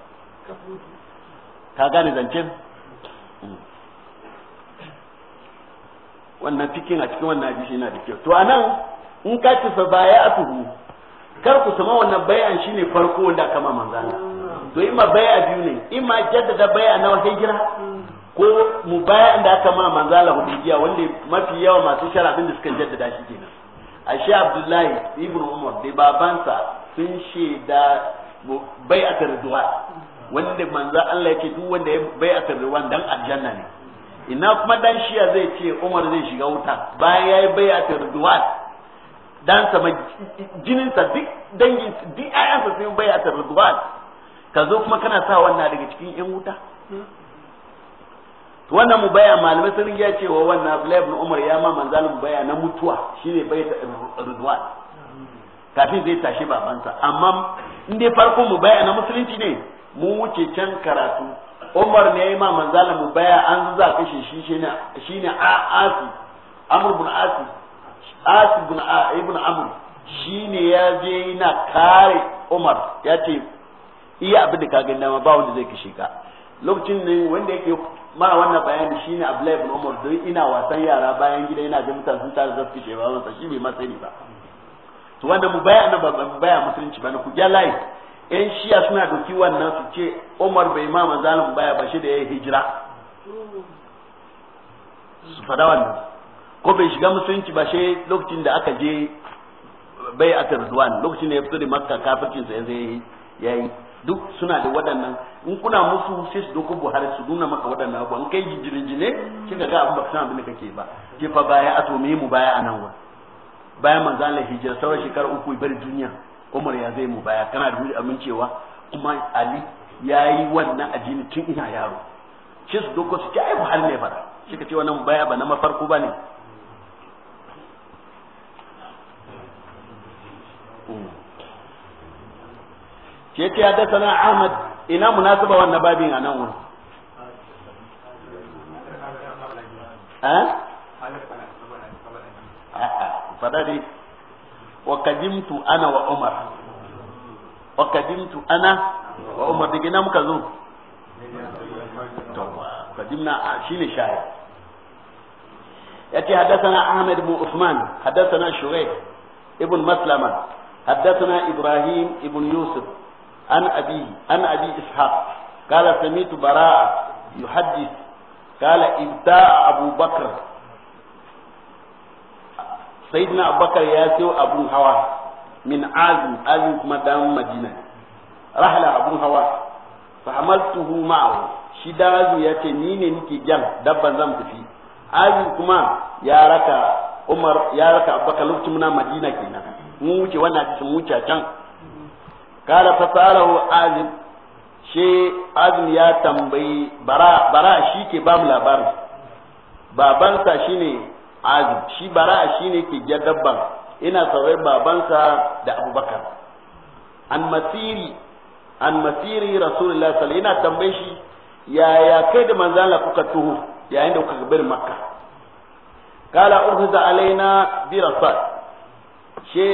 ka gane zancen wannan fikin a cikin wannan hadisi yana da kyau to anan in ka tafi baya atuhu kar ku sama wannan bayan shine farko da kama manzana to in ma baya biyu ne in ma jaddada baya na wata hijira ko mu baya inda aka ma manzala hudaybiya wanda mafi yawa masu sharafin da suka jaddada shi kenan shi abdullahi ibn umar da babansa sun shaida bai a tarzuwa wanda manza Allah ya ce duk wanda ya bai a tarzuwa dan aljanna ne ina kuma dan shiya zai ce umar zai shiga wuta bayan ya bai a tarzuwa dan sama jininsa duk dangin duk ayansa sun bai a tarzuwa ka zo kuma kana sa wannan daga cikin yan wuta wannan mu baya malamai sun ce wa wannan Abdullahi ibn Umar ya ma manzalin mu baya na mutuwa shine bai Ridwan kafin zai tashi babansa amma in dai farko mu baya na musulunci ne mu wuce can karatu Umar ne ya ma manzalin mu baya an zuza kashe shi shine shine Asi Amr ibn Asi Asi Ibn Amr shine ya je yana kare Umar ya ce iya abin da ka gani dama ba wanda zai kashe ka lokacin ne wanda yake mara wannan bayani shine Abdullahi ibn Umar dai ina wasan yara bayan gida yana ga mutane sun tare zafi ce ba wannan shi bai matsayi sani ba to wanda mu baya na baya musulunci ba na ku ja lai yan shiya suna doki wannan su ce Umar bai ma manzalin baya ba shi da ya hijira su fada wannan ko bai shiga musulunci ba shi lokacin da aka je bai a tarzuwan lokacin da ya fito da Makka kafircin sa yanzu yayi duk suna da waɗannan in kuna musu sai su doko buhari su nuna maka waɗannan abu an kai jinjine kin ga abin baka san abin da kake ba ke fa baya a to mu baya a nan wa bayan manzo Allah hijira sauran shekara uku bar duniya Umar ya zai mu baya kana da wuri amincewa kuma Ali yayi wannan ajini tun ina yaro shi su doko su kai buhari ne fara shi ka ce wannan baya ba na mafarko bane Mm. shi yace hadathana Ahmad ina munasaba wannan babin a nan wurin ha eh? fada dai wa kadimtu ana wa Umar wa kadimtu ana wa Umar daga ina muka zo kadimna shine shahid يأتي حدثنا أحمد بن عثمان حدثنا شريح ابن مسلمة حدثنا إبراهيم ابن يوسف an abi an abi ishaq qala samitu bara'a yuhaddith qala ibta'a abu bakr sayyidina abubakar ya sayo abun hawa min azim azim kuma dan madina rahla abun hawa fa hamaltuhu ma'ahu shi dazu ya ce ni ne nike jan dabban zan tafi azu kuma ya raka umar ya raka abubakar lokacin muna madina kenan mun wuce wannan hadisin mun wuce can قال فسأله عازم shi azum ya tambayi bara shi ke ba mu labarin babansa shine azum shi bara shine ke gadabban ina saurayi babansa da abubakar an masiri an masiri rasulullah sallallahu ina tambaye shi yaya kai da manzan la kuka tuhu yayin da kuka bar makka kala urhiza alaina bi rasad she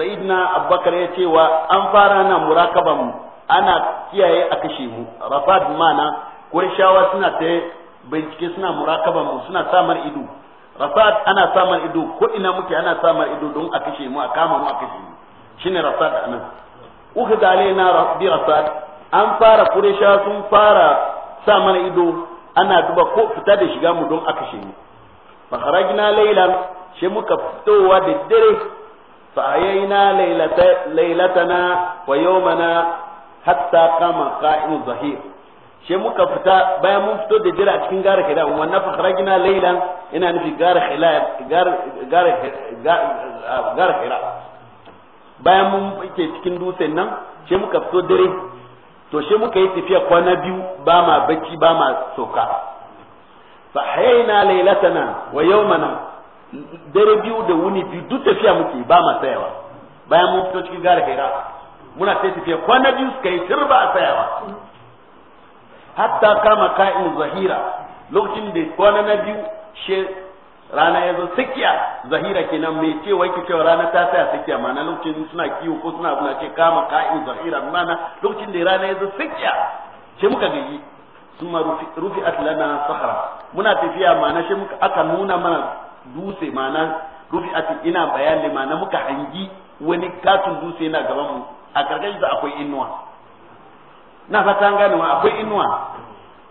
sayyidina abubakar ya ce wa an fara na murakaban mu ana kiyaye a kashe mu rafad mana kurshawa suna ta bincike suna murakaban mu suna samar ido rafad ana samar ido ko ina muke ana samar ido don a kashe mu a kama mu a kashe mu shine rafad anan uku dale na bi rafad an fara kurshawa sun fara samar ido ana duba ko fita da shiga mu don a kashe mu fakharajna laylan sai muka fitowa da dare فأحيينا ليلت ليلتنا ويومنا حتى قام قائم الظهير she muka fita bayan mun fito da jira a cikin gara khila wa nafa kharajna laylan ina nufi gara khila gara gara khila bayan mun ke cikin dutsen nan she muka fito dare to she muka yi tafiya kwana biyu ba ma bacci ba ma soka fa hayna laylatana wa yawmana dare biyu da wuni biyu duk tafiya muke ba ma tsayawa bayan mun fito cikin gara hira muna sai tafiya kwana biyu suka yi sir ba a tsayawa hatta kama ka'in zahira lokacin da kwana na biyu she rana ya zo tsakiya zahira kenan mai wai yake cewa rana ta tsaya tsakiya mana lokacin suna kiwo ko suna abuna ce kama ka'in zahira mana lokacin da rana ya zo tsakiya ce muka gaji sun rufi atlana sahara muna tafiya ma'ana shi aka nuna mana dutse ma'ana rufi'atin ina bayani ma'ana muka hangi wani katun dutse yana gaban mu a karkashin sa akwai inuwa na fata an gane akwai inuwa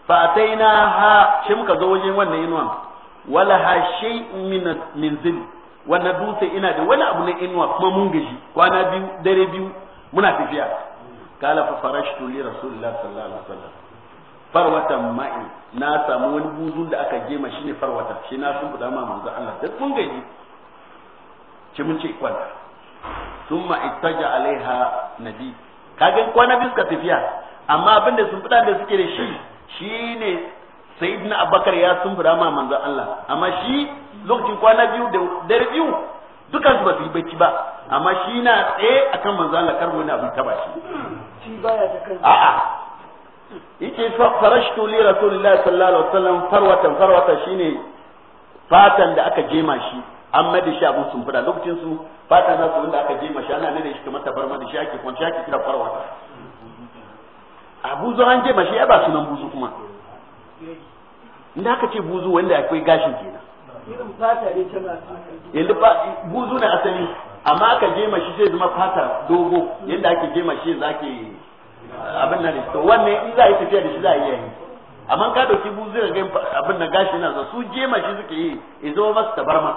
fa ataina ha shi muka zo wajen wannan inuwa wala ha shay min min zin wannan dutse ina da wani abu na inuwa kuma mun gaji kwana biyu dare biyu muna tafiya kala fa farashtu li rasulillah sallallahu alaihi wasallam farwatan ma'i na samu wani buzun da aka gema shine farwata shi na sun fada ma manzo Allah duk mun gaji ce mun ce kwanta thumma ittaja alaiha nabi kaga kwana biyu suka tafiya amma abin da sun fada da suke da shi shine sayyidina abubakar ya sun fada ma manzo Allah amma shi lokacin kwana biyu da dare biyu dukan su ba su yi bacci ba amma shi na tsaye akan manzo Allah kar wani abin taba shi shi baya da kansa a'a yake fa farashtu li rasulillahi sallallahu alaihi wasallam farwatan farwata shine fatan da aka jema shi an da shi abun sumfura lokacin su fatan na su wanda aka jema shi ana ne da shi kamar tabarma da shi ake kwanci ake kira farwata abuzo an jema shi ya ba sunan buzu kuma inda aka ce buzu wanda akwai gashin kenan irin fata ne ta buzu na asali amma aka jema shi zai zama fata dogo yadda ake jema shi zake abin nan to wannan in za a yi tafiya da shi za a iya yi amma ka dauki bu zai ga abin nan gashi na za su je ma shi suke yi ya zama masu tabarma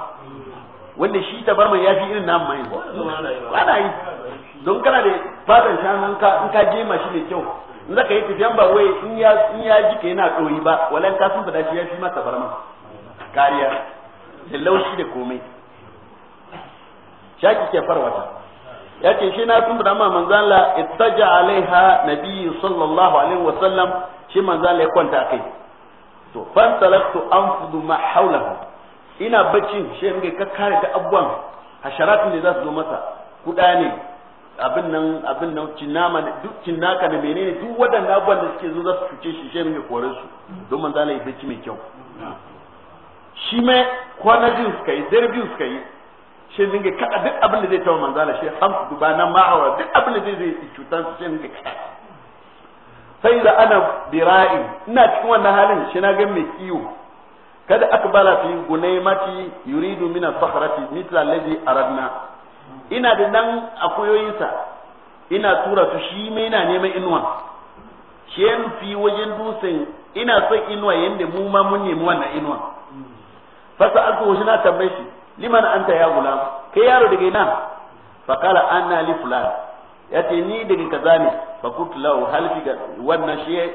wanda shi tabarma ya fi irin namu mai ba na yi don kana da fatan shanun ka in ka je ma shi da kyau in za ka yi tafiyan ba wai in ya in ya ji ka yana doyi ba walan ka sun fada shi ya fi masa tabarma kariya da laushi da komai shaki ke farwata ya ce shi na tun da manzan la ittaja alaiha nabi sallallahu alaihi wasallam shi manzan la ya kwanta a kai to fan talaktu anfudu ma haulahu ina bacci shi in ka kare ta abubuwan hasharatun da za su zo masa kuda ne abin nan abin nan cinnama duk cinnaka ne menene duk waɗannan abubuwan da suke zo za su cuce shi shi in kore su don manzan la ya bacci mai kyau shi mai kwana biyu suka yi dare suka yi shi dinga kada duk abin da zai tawa manzala shi hamsu duba nan ma ma'awa duk abin da zai zai cutar su shi dinga kada sai da ana bira'i ina cikin wannan halin shi na ga mai kiwo kada akbala fi gunaimati yuridu min al-fakhrati mithla alladhi aradna ina da nan akuyoyinsa ina tura su shi mai na neman inuwa shi fi wajen dutsen ina son inuwa yanda mu ma mun nemi wannan inuwa fasa alko shi na tambaye shi liman anta ya gulam kai yaro daga nan fa qala anna li fulan yace ni daga kaza ne fa kuntu lahu hal fi wannan shi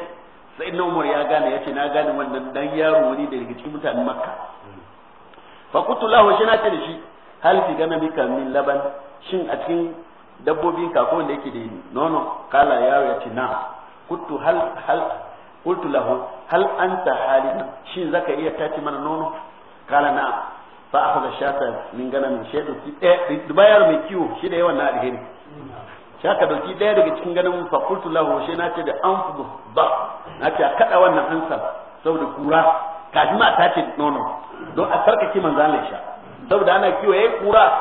sai na umar ya gane yace na gane wannan dan yaro wani daga cikin mutanen makka fa kuntu lahu shi na ce da shi hal fi gana bika min laban shin a cikin dabbobin ka ko da yake da ni nono kala yaro yace na Kutu hal hal قلت له hal anta حالما shin zaka iya تاتي mana nono. Kala na. fa aka da shata min gana min shi ɗaya dubayar mai kiwo shi da yawan na alheri shaka dauki ɗaya daga cikin ganin fa qultu lahu shi na ce da anfu ba na ce a kada wannan hansa saboda kura kafin ma ta ce nono don a ki manzo Allah sha saboda ana kiwo yayi kura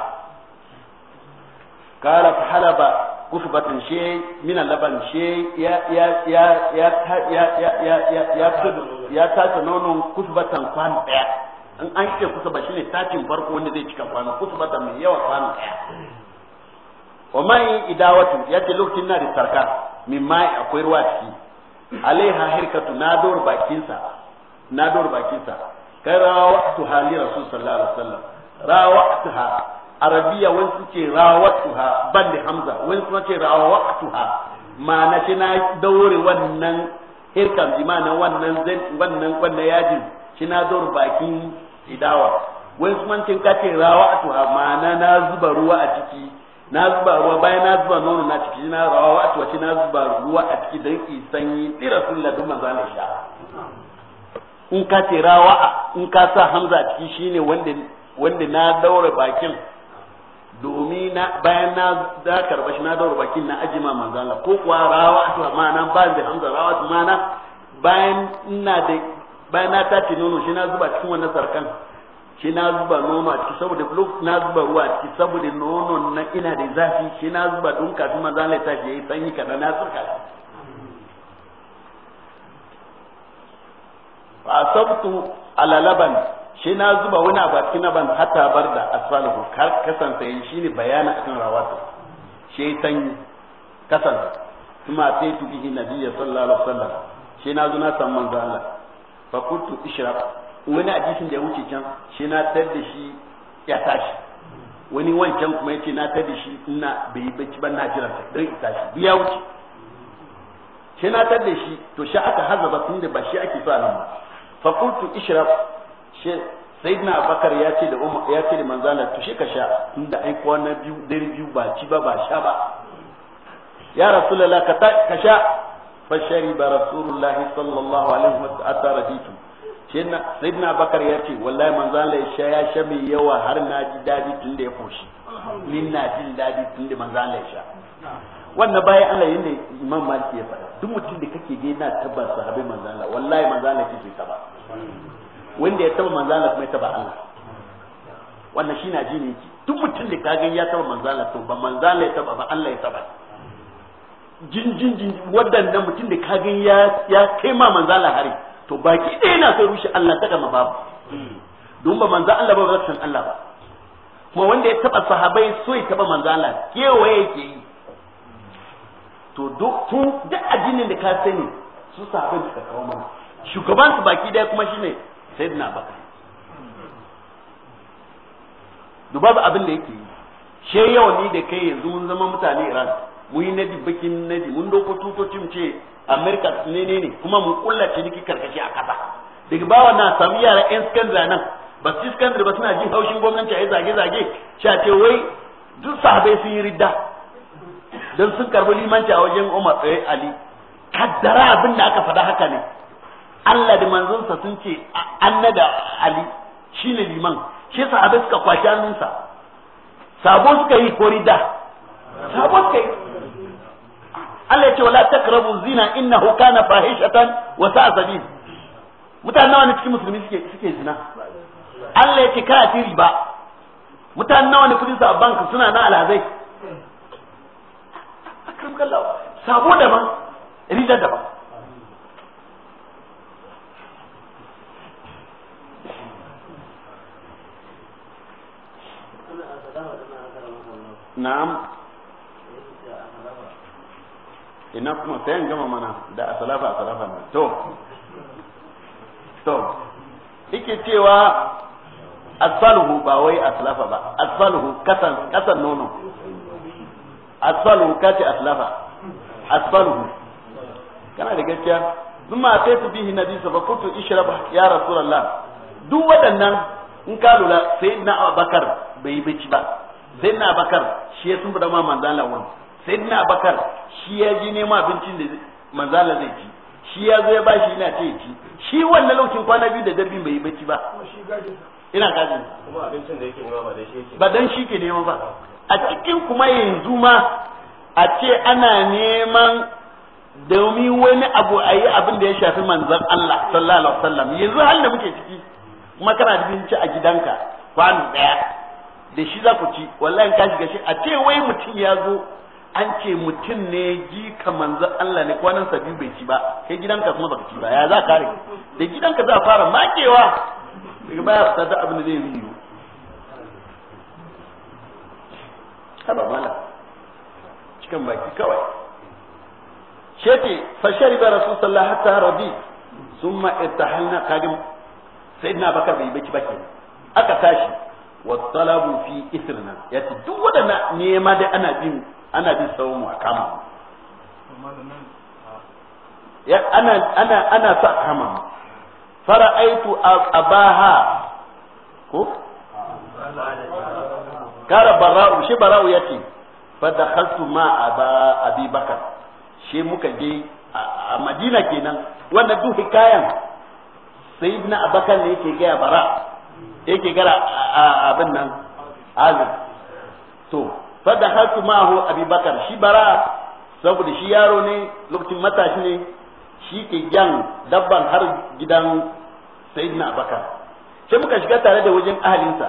kala fa halaba kutubatin she min laban she ya ya ya ya ya ya ya ya ya ya ya ya ya ya daya in an ce kusa ba shine satin farko wanda zai cika kwana kusa bata mai yawa kwana daya wa mai idawatu ya ce lokacin na da sarka min mai akwai ruwa ciki alaiha hirkatu na dor bakinsa na dor bakinsa kai rawatu hali rasul sallallahu alaihi wasallam rawatuha arabiya wani su ce rawatuha ban da hamza wani su ce rawatuha ma'ana shi na daure wannan hirkan bi na wannan wannan wannan yajin shi na dor bakin idawa wai kuma kin kace rawa a tuha ma'ana na zuba ruwa a ciki na zuba ruwa bayan na zuba nono na ciki na rawa a tuha na zuba ruwa a ciki dan i sanyi bi sunna dun manzo Allah sha in ka ce rawa in ka sa hamza a ciki shine wanda wanda na daura bakin domin na bayan na da karba shi na daura bakin na ajima manzo Allah ko kuwa rawa a to ma'ana ba da hamza rawa ma'ana bayan ina da bayan na tace nono shi na zuba cikin wannan sarkan shi na zuba nono a ciki saboda na zuba ruwa a ciki saboda nonon na ina da zafi shi na zuba don kafin maza Allah ta shi yayi sanyi kada na saka fa sabtu ala laban shi na zuba wani a cikin laban ban hatta bar da asfalu kar kasanta yin shi ne bayana akan rawatu shi sanyi kasanta kuma sai tuki nabiyyi sallallahu alaihi wasallam shi na zuna na san manzo Allah fa kuntu ishrab wani hadisin da ya wuce can shi na tar da shi ya tashi wani wancan kuma yace na tar da shi ina bai bacci ba na jira dan ya tashi ya wuce shi na tar da shi to shi aka hazaba tun da ba shi ake so nan ba fa kuntu ishrab shi sayyidina abakar ya ce da umar ya ce da manzana to shi ka sha tunda ai kwana biyu dare biyu ba ci ba ba sha ba ya rasulullah ka sha فشرب رسول الله صلى الله عليه وسلم حتى رديت سيدنا بكر يأتي والله من ظل الشاي شمي يوا هر ناجي دادي تند يفوش لين ناجي دادي تند من ظل الشاي wannan bayan Allah yanda Imam Malik ya faɗa duk mutum da kake ga yana taba sahabbai manzo Allah wallahi manzo Allah kike taba wanda ya taba manzo Allah kuma ya taba Allah wannan shi na ji ne duk mutum da ka ga ya taba manzo Allah to ba manzo Allah ya taba ba Allah ya taba jinjin jinjin waɗannan mutum da kagin ya kai ma manzo Allah hari to baki ɗaya na sai rushe Allah ta gama babu don ba manzo Allah ba ba san Allah ba kuma wanda ya taba sahabai so ya taba manzo Allah kewaye yake yi to duk tun duk addinin da ka sani su sahabai da kawo mana shugaban su baki ɗaya kuma shine sayyidina baka duba abin da yake yi she yau ni da kai yanzu mun zama mutane Iran mu yi nadi bakin nadi mun doko tutocin ce america ne ne ne kuma mu kulla ciniki karkashi a kasa daga bawa na samu yara yan skandar nan ba su skandar ba suna jin haushin gwamnati a yi zage-zage sha ce wai duk sahabai sun yi ridda don sun karbi limanci a wajen umar tsaye eh, ali kaddara abin da aka faɗa haka ne allah da manzonsa sun ce anna da ali shine liman shi sahabai suka kwaci hannunsa sabo suka yi ko ridda sabon kai Allah ya ce wala takrabu zina innahu kana fahishatan wa sa'a sabil mutanen nawa ne cikin musulmi suke suke zina Allah ya ce kana ci riba mutanen nawa ne kudin su a bank suna na alazai akram kallahu sabo daban rida daban na'am ina kuma sayan gama mana da asalafa asalafa na to to ike cewa asfaluhu ba wai asalafa ba asfaluhu kasan kasan nono asfaluhu kace asalafa asfaluhu kana da gaskiya zuma a su bihi na bisa ba kutu ishrab ya rasulallah duk waɗannan in ka lura sai na abakar bai yi bici ba sai na abakar shi ya sun fada ma manzan lawan sayyidina bakar shi ya ji neman abincin da manzala zai ci shi ya zo ya bashi ina ce ci shi wannan lokacin kwana biyu da darbin bai yi bacci ba ina gadi kuma abincin da yake nema ba dan shi yake ba dan shi ke nema ba a cikin kuma yanzu ma a ce ana neman domin wani abu a yi abin da ya shafi manzan Allah sallallahu alaihi wasallam yanzu hal da muke ciki kuma kana da binci a gidanka kwano daya da shi za ku ci wallahi ka shiga shi a ce wai mutum ya zo an ce mutum ne ji ka manzan Allah ne kwanan sabi bai ci ba kai gidanka kuma baka ci ba ya za kare da gidanka za a fara makewa daga baya fita da abin da zai yi yiwu haba mala cikin baki kawai shete fashari ba rasu sallah hatta rabi sun ma irtahalna kagin sai na baka bai baki baki aka tashi wa talabu fi isrina yati duk wadana nema dai ana bin ana bin sawun a kama ya ana ana ana sa kama mu fara'aitu abaha ko kara bara'u shi bara'u yake fa dakhaltu ma aba abi bakar shi muka je a madina kenan wannan duk hikayan sayyidina abakar ne yake gaya bara yake gara abin nan azu to fada hasu ma'ahu abubakar shi bara saboda shi yaro ne lokacin matashi ne shi ke gyan dabban har gidan sayyidina abakar sai muka shiga tare da wajen ahalinsa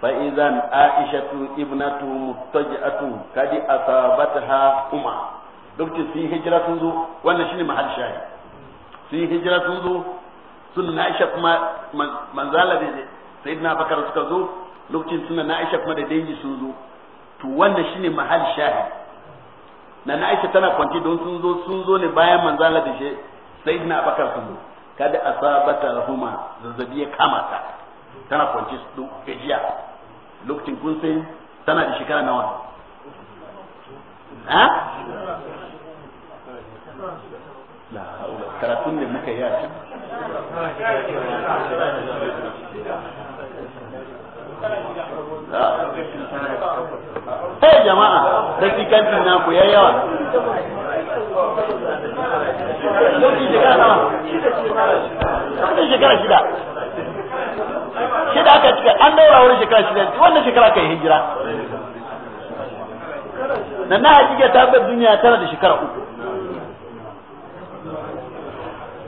fa idan aishatu ibnatu mutajatu kadi asabataha umma lokacin sun hijira sun zo wannan shine mahal shahi sun hijira sun zo sun aisha kuma manzala da sayyidina abakar suka zo lokacin suna aisha kuma da dangi sun zo to wannan shine mahal shahi. na na aisha tana kwanci don sun zo sun zo ne bayan manzala da shi sai na bakar sun kada asabata rahuma zazzabi ya kama ta tana kwanci su gajiya lokacin kun sai tana da shekara nawa ha la karatun ne muka yi a can Eh jama'a da kikanci na ku yayi yawa. Lokaci shekara nawa? Lokaci shekara shida. Shida aka cika an daura wani shekara shida wannan shekara kai hijira. Na na hakika ta bar duniya tana da shekara uku.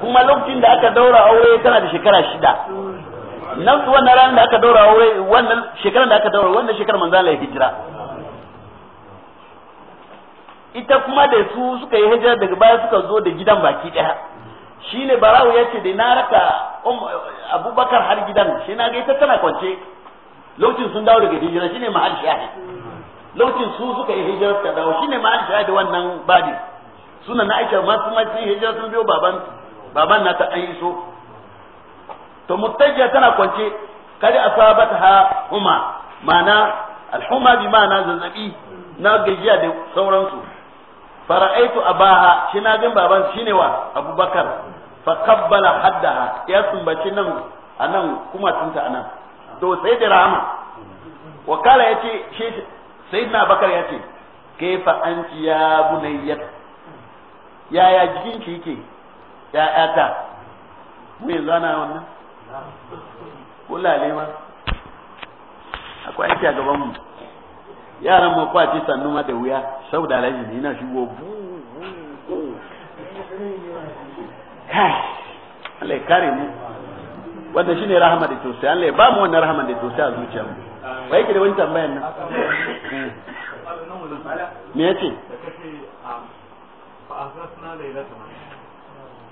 Kuma lokacin da aka daura aure tana da shekara shida. nan wannan ranar da aka daura aure wannan shekarar da aka daura wannan shekarar manzo Allah ya hijira ita kuma da su suka yi hijira daga baya suka zo da gidan baki daya shine barawo ya ce da na raka abubakar har gidan shi na ga ita tana kwance lokacin sun dawo daga hijira shine mahal shahi lokacin su suka yi hijira ta dawo shine mahal da wannan badi sunan na aisha ma su ma sun hijira sun biyo baban baban nata ta yi so to muttajiya tana kwance kari ha huma mana alhuma bi mana zazzabi na gajiya da sauransu fara'aitu abaha shi na gan baban shine wa abubakar fa qabbala haddaha ya sumbaci nan anan kuma tunta anan to sai da rahama wakala yace shi sayyidina bakar yace an ci ya bunayyat yaya jikinki yake ya'yata mu yanzu ana wannan ko lale ma akwai aiki a gaban mu yaran mu kwace sannu ma da wuya saboda alaji ne yana shigo bu kai Allah ya kare mu wanda shine rahama da tausayi Allah ya ba mu wannan rahama da tausayi a zuciyarmu wai ki da wani tambayar nan eh. me yace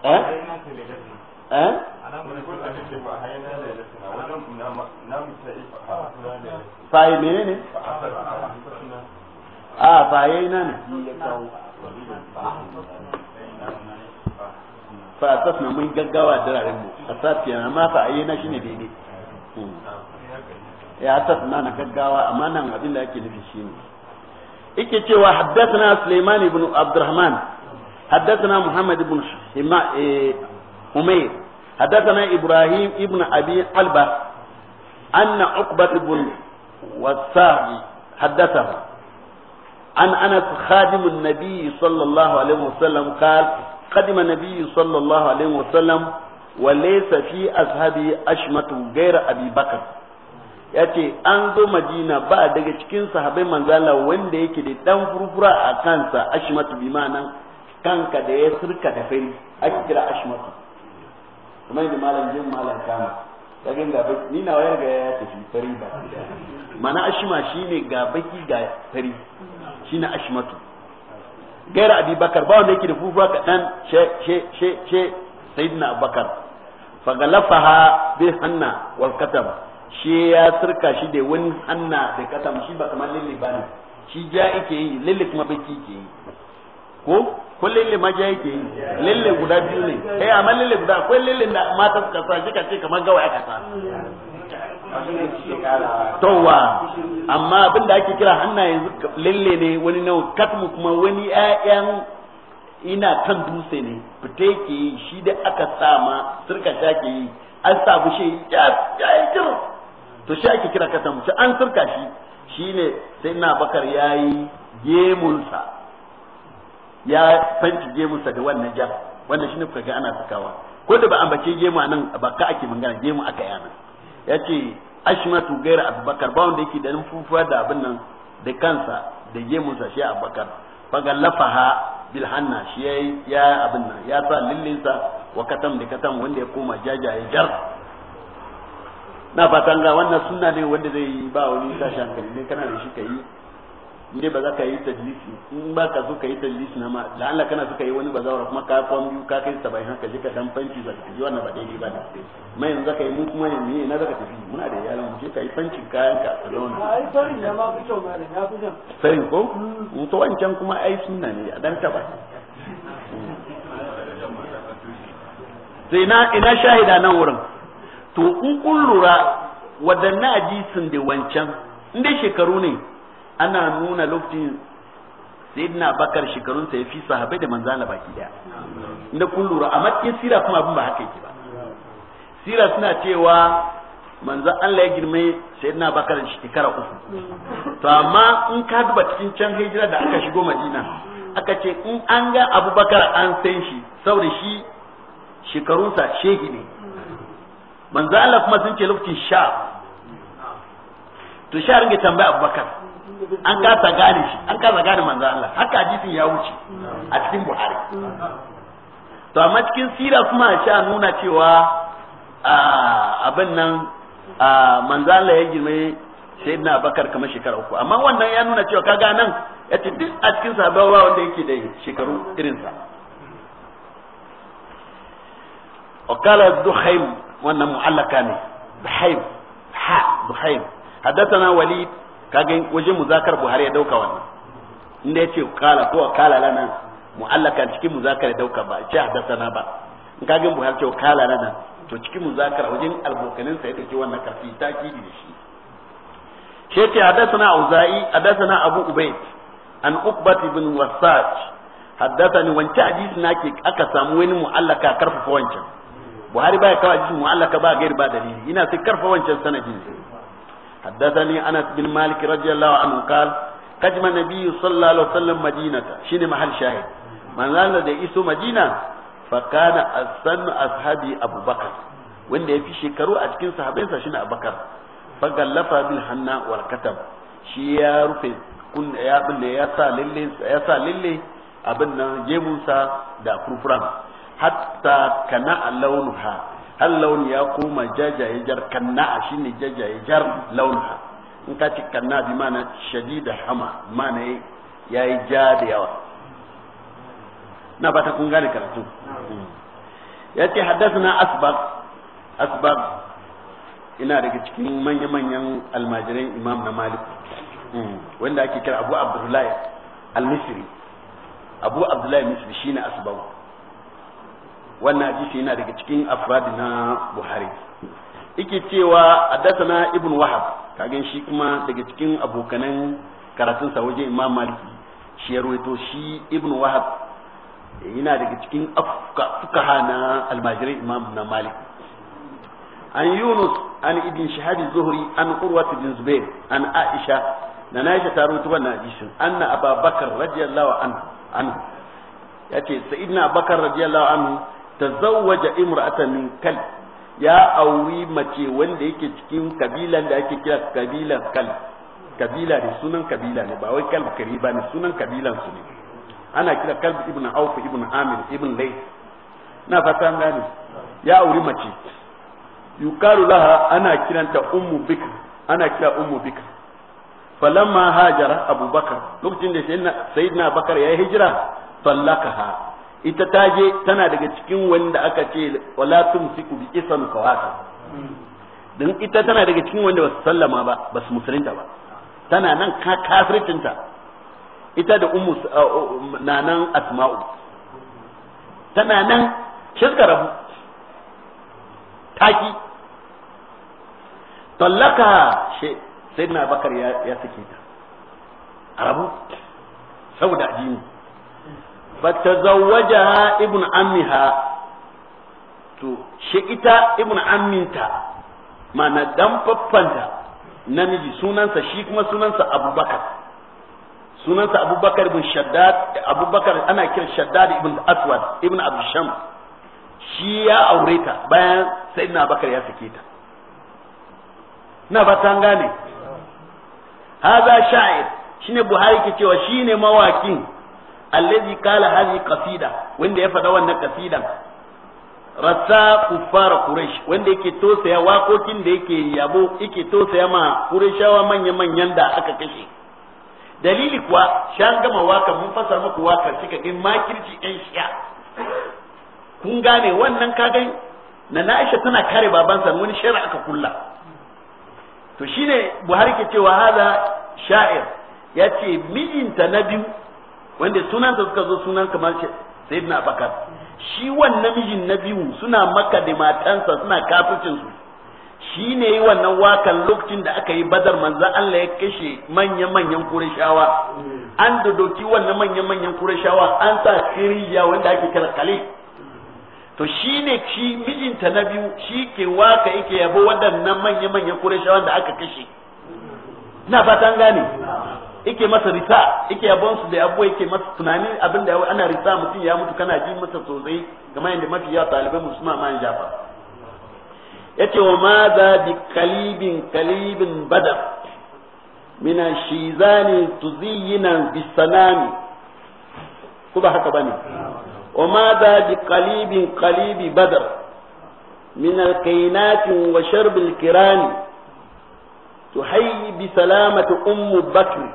eh eh faye ne ne a faye na ne fa asas na mun gaggawa da rarin mu asas kenan amma fa ayyana ne daidai hmm. ya asas na na gaggawa amma nan abin da ake nufi ne ike cewa haddathana Sulaiman ibn Abdurrahman haddathana Muhammad ibn eh, umair حدثنا إبراهيم ابن أبي علبة أن عقبة بن والساعي حدثه عن أنس خادم النبي صلى الله عليه وسلم قال قدم النبي صلى الله عليه وسلم وليس في أصحابه أشمت غير أبي بكر ya ce an zo madina ba daga cikin sahabai manzala wanda yake da dan furfura a kansa ashmatu bi ma'anan kanka da ya sirka da fari ake kira ashmatu kuma yadda malam jin malam kama kagin ga baki ni na wayar ga ya tafi fari ba mana ashima shi ne ga baki ga fari na ashimatu gaira abubakar ba wanda yake da fufuwa kaɗan she she she she sayyidina abubakar fagalafaha bi hanna wal katam shi ya sirka shi da wani hanna da katam shi ba kamar lalle ba ne shi ja yake yi lalle kuma baki ke yi ko ko lille ma jaye ke yi lille guda biyu ne eh amma lille guda akwai lille da mata suka sa shi ce kamar gawa aka sa towa amma abin da ake kira hannaye lille ne wani nau katmu kuma wani ƴaƴan ina kan dutse ne fite ke yi shi da aka sa ma surka sha ke yi an sa bushe ya yi kiro to shi ake kira katamu an surka shi shine sai na bakar yayi gemunsa ya fanci sa da wannan ja wanda shi ne kuka ga ana sakawa ko da ba ambace gemu nan ba ka ake mangana gemu aka yana yace ashmatu gaira abubakar ba wanda yake da nufufuwa da abin nan da kansa da gemu sa shi abubakar fagallafaha bil hanna shi yayi ya abin nan ya sa lillinsa wa katam da katam wanda ya koma jajaye jar na fatan ga wannan sunna ne wanda zai ba wani sashen hankali ne kana da shi ka yi inda ba za ka yi tajlisi in ba ka so ka yi tajlisi na ma da Allah kana so ka yi wani bazawara kuma ka kwan biyu ka kai sabai haka je ka dan fanci za ka yi wannan ba daidai ba ne mai yanzu ka yi mu kuma yanzu ne na za ka tafi muna da yaran mu je ka yi fanci kayan ka a zauna ai farin da ma ku kyau ma na ku jan farin ko mu mm, to wancan kuma ai sunna ne a dan taba sai na ina shahida nan wurin to in kun lura wadannan ajisin da wancan in dai shekaru ne ana nuna lokacin sayyidina bakar shekarun sa yafi sahabbai da manzala baki daya inda kun lura a matkin sira kuma abin ba haka yake ba sira suna cewa manzo Allah ya girme sayyidina bakar shekara uku to amma in ka duba cikin can hijira da aka shigo madina aka ce in an ga abubakar an san shi saboda shi shekarunsa shehi ne manzo Allah kuma sun ce lokacin sha to sha ringa tambaya abubakar an kasa gane shi an kasa gane manzo Allah haka hadisin ya wuce a cikin Buhari to amma cikin sira kuma a sha nuna cewa abin nan manzo Allah ya girme sayyidina Abakar kamar shekara uku amma wannan ya nuna cewa kaga nan yace duk a cikin sahabbai wanda yake da shekaru irin sa وقال الدخيم وانا معلقة دحيم ح دحيم حدثنا وليد kaga wajen muzakar buhari ya dauka wannan inda yace kala ko kala lana mu'allaka cikin muzakar ya dauka ba ce na ba in kaga buhari ce kala lana to cikin muzakar wajen albokanin sa ya dauki wannan karfi kidi da shi shi yace hadathana auza'i na abu ubayd an uqbat ibn wasaj haddathani wancan hadisi nake aka samu wani mu'allaka karfafa wancan buhari baya kawo hadisi mu'allaka ba gairi ba dalili ina sai karfafa wancan sanadin حدثني أنس بن مالك رضي الله عنه قال قدم النبي صلى الله عليه وسلم مدينة شين محل شاهد من لا لدى إسو مدينة فكان أسن أصحابي أبو بكر wanda ya fi shekaru a cikin sahabansa shine abakar fagallafa bil hanna wal katab shi ya rufe kun ya binne ya sa lille abin nan gemunsa da kurfuran hatta kana launuha har launi ya koma jajaye jar kanna shine jajaye jar launa in ka ci kanna bi mana shadida hama mana yi ja da yawa na ta kun gane karatu haddasa na asbaq asbaq ina daga cikin manya-manyan almajiran imam na malik hmm, wanda ake kira abu abdullahi al-misri abu abdullahi misri shine asbaq wannan hadisi yana daga cikin afrad na buhari yake cewa haddathana ibn wahab kagan shi kuma daga cikin abokanan karatun sa waje imam maliki shi ya ruwaito shi ibn wahab yana daga cikin fukaha na almajirai imam na maliki an yunus an ibn shahab zuhri an urwat bin zubair an aisha na naisha ta ruwaito wannan hadisin anna abubakar radiyallahu anhu anhu yace sayyidina abubakar radiyallahu anhu tazawwaja imra'atan min kal ya auri mace wanda yake cikin kabilan da ake kira kabilan kal kabila ne sunan kabila ne ba wai kal kari ba ne sunan kabilan su ne ana kira kal ibn auf ibn amir ibn lay na fata gane ya auri mace yukaru laha ana kiranta ummu bikr ana kira ummu bikr falamma hajara abubakar lokacin da sayyidina bakar ya hijira tallakaha ita ta je tana daga cikin wanda aka ce wala tumsiku bi isan kawasa dan ita tana daga cikin wanda ba sallama ba ba su musulunta ba tana nan ka kafircinta ita da ummu um, nanan asma'u tana nan shirka rabu taki tallaka shi sayyidina bakar ya sake ta rabu saboda addini bata ibn ammiha to shi ita ibn namiji sunansa shi kuma sunansa abubakar sunansa abubakar ibn shaddad abubakar ana kiran shaddad ibn aswad ibn abdusham shi ya aure ta bayan sayyidina abubakar ya sake na ba ta gane haza sha'ir shine buhari ke cewa shine mawakin allazi kala hazi qasida wanda ya faɗa wannan qasidan rasa kuffara quraish wanda yake tosaya wakokin da yake yabo yake tosaya ma qurayshawa manya manyan da aka kashe dalili kuwa shan gama waka mun fasa muku waka kika ga makirci ɗan shiya kun gane wannan gani. na na'isha tana kare babansa wani shari'a aka kulla to shine buhari ke cewa hada sha'ir ya ce mijinta na biyu wanda sunan da suka zo sunan kamar sayyidina abakar shi wannan mijin na biyu suna maka da matansa suna kafircin su shi ne yi wannan wakan lokacin da aka yi badar manzan Allah ya kashe manya-manyan kurashawa an dodoki wannan manya-manyan kurashawa an sa kiriya wanda ake kira kale to shi ne shi mijinta na biyu shi ke waka yake yabo waɗannan manya-manyan kurashawa da aka kashe na fatan gane yake masa risa yake yabon su da abu yake masa tunani abin da ana risa mutum ya mutu kana ji masa sosai kamar yadda mafi yawa talibai musamman man jafa yace wa ma za bi kalibin kalibin badar mina shizani tuziyina bisanami ko ba haka bane wa ma za bi kalibin kalibi badar min alkainatin wa sharbil kirani tuhayyi bi ta ummu bakri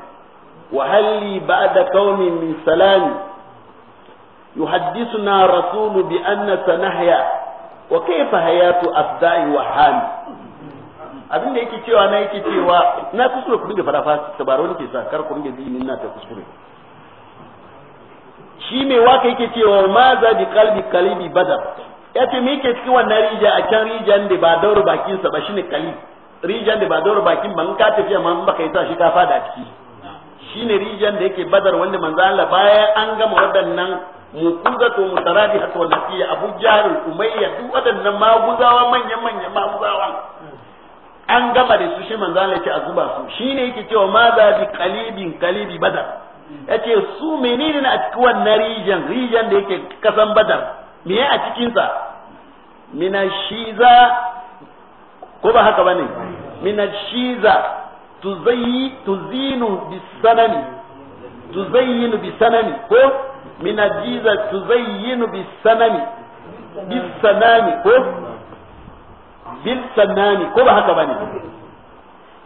وهل لي بعد كون من سلام يحدثنا رسول بأن سنحيا وكيف حياة أبداء وحامي abin da yake cewa na yake cewa na kusuru ku da farafa tabaro ke sa kar ku dinga zini na ta kuskure shi ne waka yake cewa ma za bi kalbi kalibi badar ya ce me cikin wannan rija a can rijan da ba daura bakin sa ba shine kalib rijan da ba daura bakin in ka tafiya ma ba yi sa shi ka fada ciki shine rijiyar da yake badar wanda manzo Allah bayan an gama waɗannan mukuzatu mutarabi hatta wallahi Abu Jahl Umayya duk waɗannan maguzawa manyan manyan maguzawa an gama da su shi manzo Allah ya ce a zuba su shine yake cewa ma za bi kalibin kalibi badar yace su menene a cikin wannan rijiyar rijiyar da yake kasan badar me a cikinsa sa mina shiza ko ba haka bane mina shiza tuzinu bisanani tuzayyinu bisanani ko min ajiza tuzayyinu bisanani bisanani ko bisanani ko ba haka bane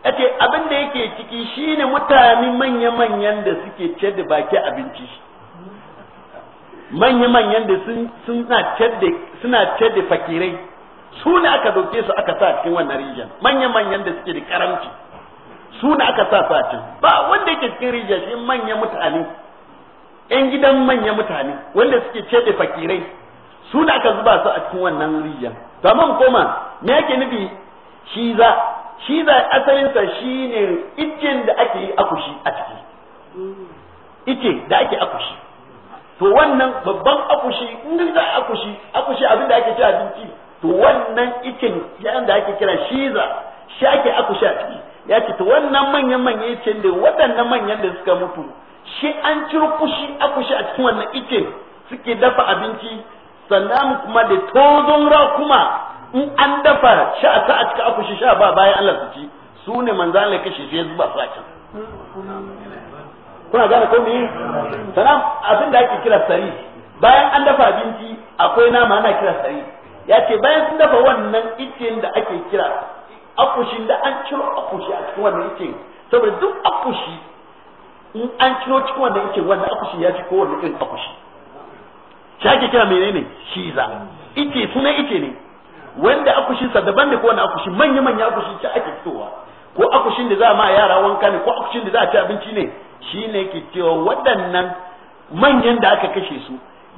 yace abin da yake ciki shine mutane manya-manyan da suke ce da baki abinci manya-manyan da suna ce da fakirai su ne aka dauke su aka sa cikin wannan rijiyar manya-manyan da suke da karamci su da aka sa sa can ba wanda yake cikin rijiya shi manyan mutane yan gidan manyan mutane wanda suke cede fakirai su da aka zuba su a cikin wannan rijiya to amma koma me yake nufi shi za shi za asalinsa sa shine iccen da ake yi akushi a ciki ice da ake akushi to wannan babban akushi in za akushi akushi abin da ake ci abinci to wannan icen da ake kira shiza shi ake akushi a ciki ya ce to wannan manyan manyan ce da waɗannan manyan da suka mutu shi an ciro kushi a kushi a cikin wannan ike suke dafa abinci sannan kuma da tozon kuma in an dafa sha a a cikin akushi sha ba bayan Allah su ci su ne manzo Allah kashe shi yanzu ba su a can kuna gane ko meye sannan abin da ake kira sari bayan an dafa abinci akwai nama ana kira sari ya ce bayan sun dafa wannan ikin da ake kira akushin da an ciro akushi a cikin wannan yake saboda duk akushi in an ciro cikin wannan yake wannan akushi ya ci ko wannan irin akushi shi ake kira menene shiza ite suna ite ne wanda akushin sa daban da kowanne akushi manya manya akushi ce ake fitowa ko akushin da za ma yara wanka ne ko akushin da za a ci abinci ne shine ke cewa waɗannan manyan da aka kashe su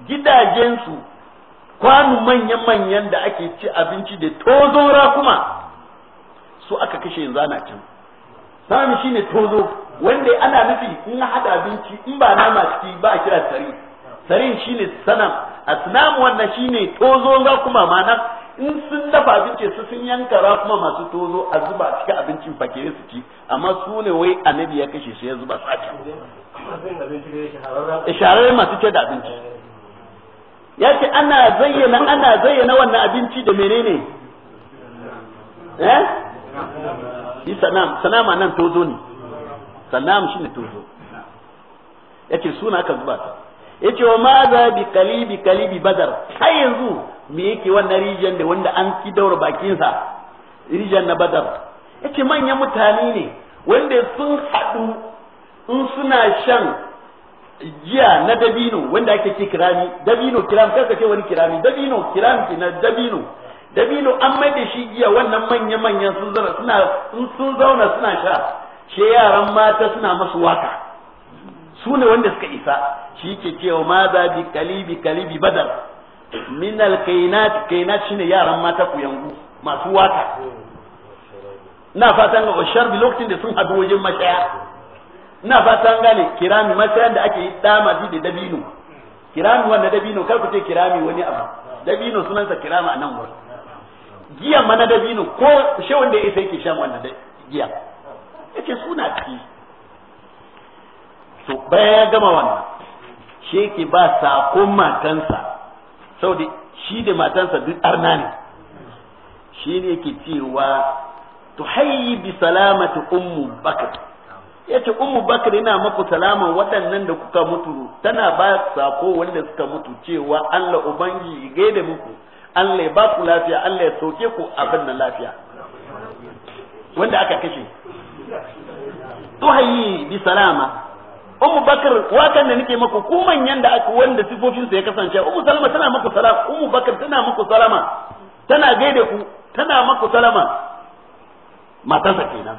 gidajensu kwanu manya-manyan da ake ci abinci da tozora kuma su aka kashe yanzu ana can sami shine tozo wanda ana nufi in hada abinci in ba nama ciki ba a kira sari sarin shine sanam asnam wannan shine tozo ga kuma mana in sun dafa abinci su sun yanka ra kuma masu tozo a zuba cikin abincin fakire su ci amma su ne wai annabi ya kashe su ya zuba su a can masu ce da abinci ya ce ana zayyana ana zayyana wannan abinci da menene eh yi sanam nan tozo ne salam shi ne tozo yake suna aka zuba ta yace wa ma za bi kalibi kalibi badar har yanzu me yake wannan rijiyar da wanda an ki daura bakinsa rijiyar na badar yace manyan mutane ne wanda sun haɗu in suna shan jiya na dabino wanda ake ce kirami dabino kiram kar ka ce wani kirami dabino kiram ki na dabino dabino an mai da shi giya wannan manya manyan sun zauna suna sun zauna suna sha she yaran mata suna masu waka su ne wanda suka isa shi ke cewa ma za bi kalibi kalibi badar min alkainat kainat shine yaran mata ku yangu masu waka na fatan ga ushar bi lokacin da sun hadu wajen mashaya ina fatan gane kirami mashayan da ake dama da dabino kirami wanda dabino kar ku ce kirami wani abu dabino sunansa kirama a nan wurin giya mana da binu ko she wanda ya sai ke shan wannan da giya yace suna ci to bayan ya gama wannan she ke ba sakon matansa saboda shi da matansa duk arna ne shi ne yake cewa to hayyi bi salamati ummu bakr yace ummu bakr yana maku salama waɗannan da kuka mutu tana ba sako wanda suka mutu cewa Allah ubangi gaida muku Allah ya ba ku lafiya Allah ya soke ku abin na lafiya wanda aka kashe tuhayyi bi salama Ummu Bakar wakan da nake maku ku manyan da aka wanda sifofin sa ya kasance Ummu Salama tana maku salama Ummu Bakar tana maku salama tana gaida ku tana maku salama matarsa kenan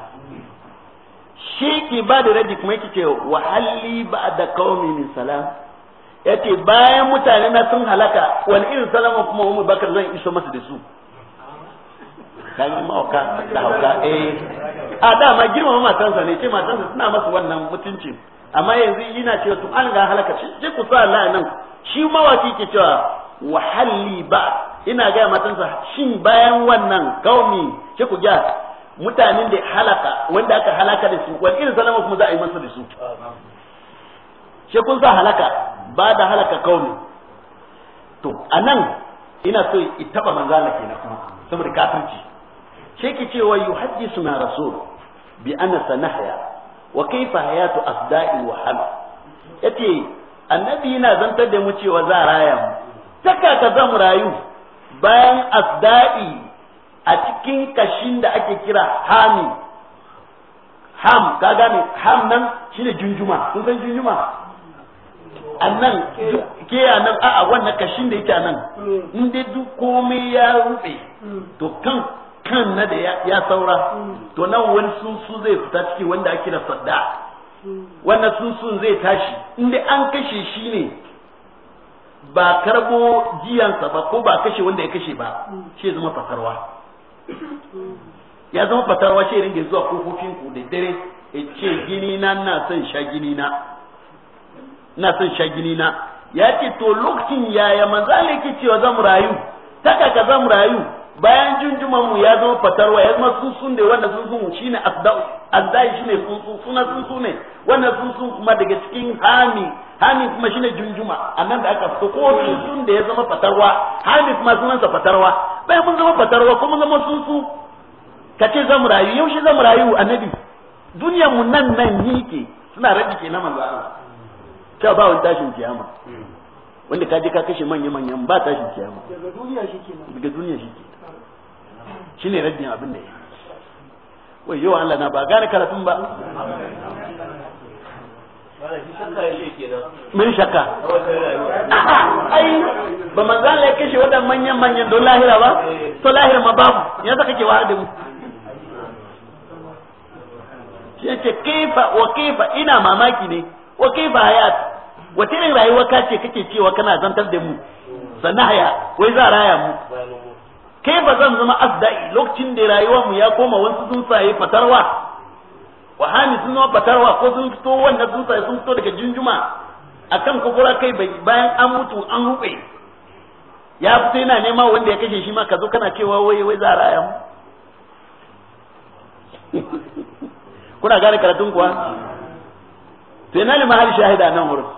shi ke ba da radi kuma yake ce wa halli ba da qaumi min salama. yace bayan mutane na sun halaka wani irin salama kuma Umar Bakar zan iso masa da su ma mawaka da hauka eh a dama girmama matansa ne ce matansa suna masa wannan mutuncin amma yanzu yana cewa to an ga halaka shi je ku sa Allah nan shi mawaki ke cewa wahalli ba ina ga matansa shin bayan wannan kauni ce ku ga mutanen da halaka wanda aka halaka da su wani irin salama kuma za a yi masa da su shi kun sa halaka ba da halaka kauni to anan ina so in taba manzala kenan saboda kafirci shi ke cewa yuhaddisu na rasul bi anna sanahya wa kaifa hayatu afda'i wa hal yace annabi yana zantar da mu cewa za raya mu taka ta zan rayu bayan afda'i a cikin kashin da ake kira hami ham ka gane ham nan shine junjuma kun san junjuma annan ke nan a'a wannan kashin da yake nan hmm. in dai duk komai ya rufe hmm. to kan kan na da ya saura hmm. to nan wani sunsu zai fita ciki wanda ake da sadda wannan sunsun zai tashi in dai an kashe shi ne ba karbo jiyansa ba ko ba kashe wanda ya kashe ba shi zama fatarwa ya zama fatarwa shi ringa zuwa kofofin ku da dare ya ce gini na na son sha gini na ina son gini na ya ce to lokacin yaya manzo ne ke cewa zan rayu taka ka zan rayu bayan junjuman mu ya zama fatarwa ya zama tsuntsun da wanda tsuntsun shine shi ne tsuntsun suna tsuntsu ne wannan tsuntsun kuma daga cikin hami hami kuma shi ne junjuma annan da aka fito ko tsuntsun da ya zama fatarwa hami kuma sunansa fatarwa bayan mun zama fatarwa kuma zama tsuntsu ka ce zan rayu yaushe zan rayu annabi duniyar mu nan nan ni ke suna rabi ke na manzo Allah cewa ba wani tashin kiyama wanda ka je ka kashe manya manyan ba tashin kiyama daga duniya shi ke shi ne shine raddin abin da ya wai yawan Allah na ba gane karatun ba min shakka ai ba manzo Allah ya kashe wadan manyan manyan don lahira ba to lahira ma babu ya saka ke wa'ada mu sai ce kaifa wa kaifa ina mamaki ne wa kaifa hayat wace irin rayuwa ka ce kake cewa kana zantar da mu sannan haya wai za raya mu kai ba zan zama asda'i lokacin da rayuwar mu ya koma wasu tsuntsaye fatarwa wahani sun zama fatarwa ko sun fito wannan tsuntsaye sun fito daga junjuma akan kubura kai bayan an mutu an rufe ya fito yana nema wanda ya kashe shi ma ka zo kana cewa wai wai za raya mu kuna gane karatun kuwa to ina ne shahida nan wurin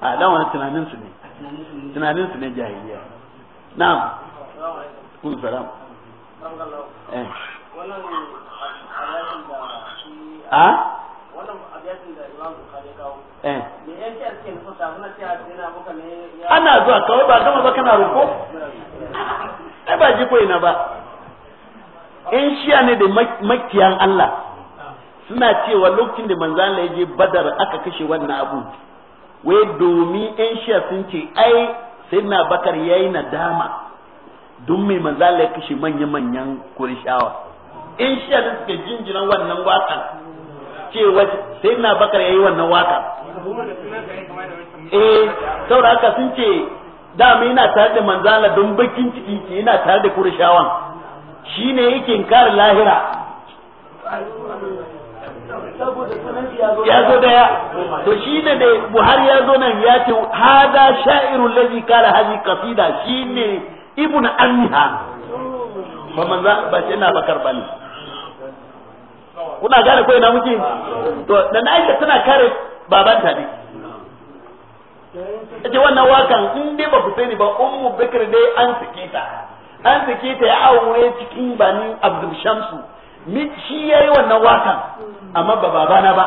a dan wani tunanin su ne tunanin su ne jahiliya na'am kun salam eh wannan a wannan abiyatin da Imam Bukhari kawo eh me ne ba ji ina ba in shiya ne da makiyan Allah suna cewa lokacin da manzan ya je badar aka kashe wannan abu wai domin yan shiya sun ce ai sai na bakar ya yi nadama don mai manzan ya kashe manya-manyan kurishawa yan shiya sun suke jinjiran wannan wakan cewa sai na bakar ya yi wannan wakan eh saboda haka sun ce dama yana tare da manzala don bakin ciki ke yana tare da kurishawan shine yake kare lahira ya zo daya to shi ne da buhari ya zo nan ya ce hada sha'irun lazi kala hazi kasida shi ne ibn anha ba za ba ce na bakar bani kuna gane ko ina muke to da na aisha tana kare baban ta ne ita wannan wakan in dai ba ku sani ba ummu bakr dai an sike ta an sike ta ya aure cikin bani abdul shamsu shi ya yi wannan wakan amma ba babana ba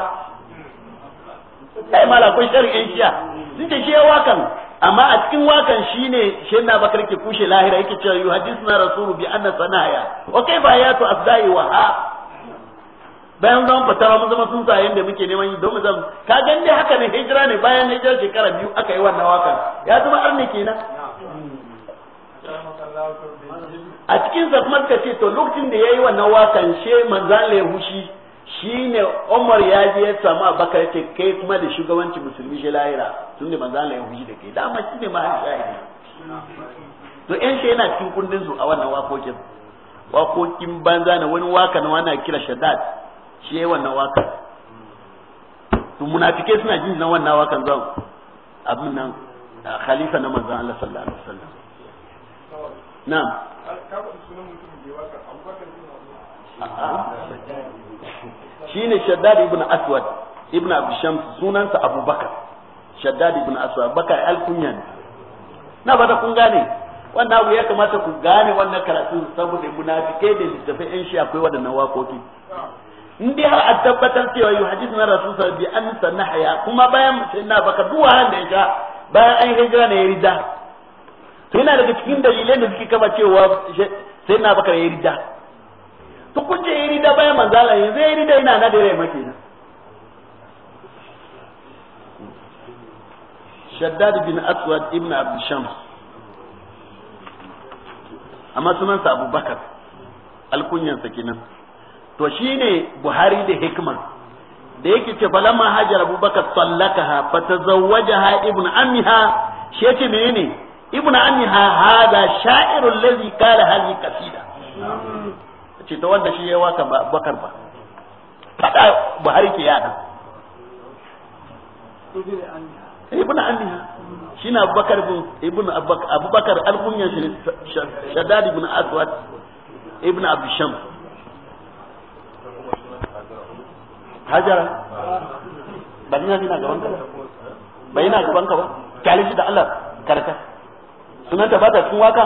kai mala kun shirin yan shiya sun ce shi ya wakan amma a cikin wakan shi ne shi na bakar ke kushe lahira yake cewa yu hadis na rasulu bi anna sanaya wa kai ba ya to afdai wa ha bayan ba fatawa mun zama sun sayen da muke neman yi don mu zama ka gan dai haka ne hijira ne bayan hijira shekara biyu aka yi wannan wakan ya zama arne kenan a cikin zakmar ka ce to lokacin da ya yi wannan wakan she manzan laifushi shi ne umar ya je ya samu abakar ya ce kai kuma da shugabanci musulmi shi lahira tun da manzan laihushi da kai dama shi ne mahal shahidi to yan shi yana cikin kundin su a wannan wakokin wakokin banza na wani waka na wani kira shaddad shi ya yi wannan waka to munafike suna jin na wannan wakan zan abin nan khalifa na manzan Allah sallallahu alaihi wasallam na'am shine shaddad ibn aswad ibn abu shams sunansa abubakar shaddad ibn aswad bakar alkunya ne na ba da kun gane wannan abu ya kamata ku gane wannan karatu saboda munafike da littafin yan shi akwai waɗannan wakoki in dai har a tabbatar cewa yi hadisi na rasu sa bi an haya kuma bayan sai na baka duwa da ya sha bayan an hijira ne ya rida to yana daga cikin dalilan da suke kama cewa sai na bakar yayi rida to kun ce yayi rida bayan manzala yanzu yayi rida yana na da rai mace na Shaddad bin Aswad ibn Abd Shams amma sa Abu Bakar alkunyansa kenan to shine Buhari da hikma da yake ce ma hajar abubakar sallakaha fatazawwajaha ibn Amiha shi yace menene ibn anha hada sha'irul ladhi qala hadhihi qasida ce to wanda shi ya waka bakar ba fada buhari ke yana ibn anha shi na abubakar bin ibn abubakar alkunyan shi ne shaddad ibn aswad ibn abisham hajara ba ni na gaban ka ba yana gaban ka ba kyale shi da Allah karkar sunanta ba ta cikin waka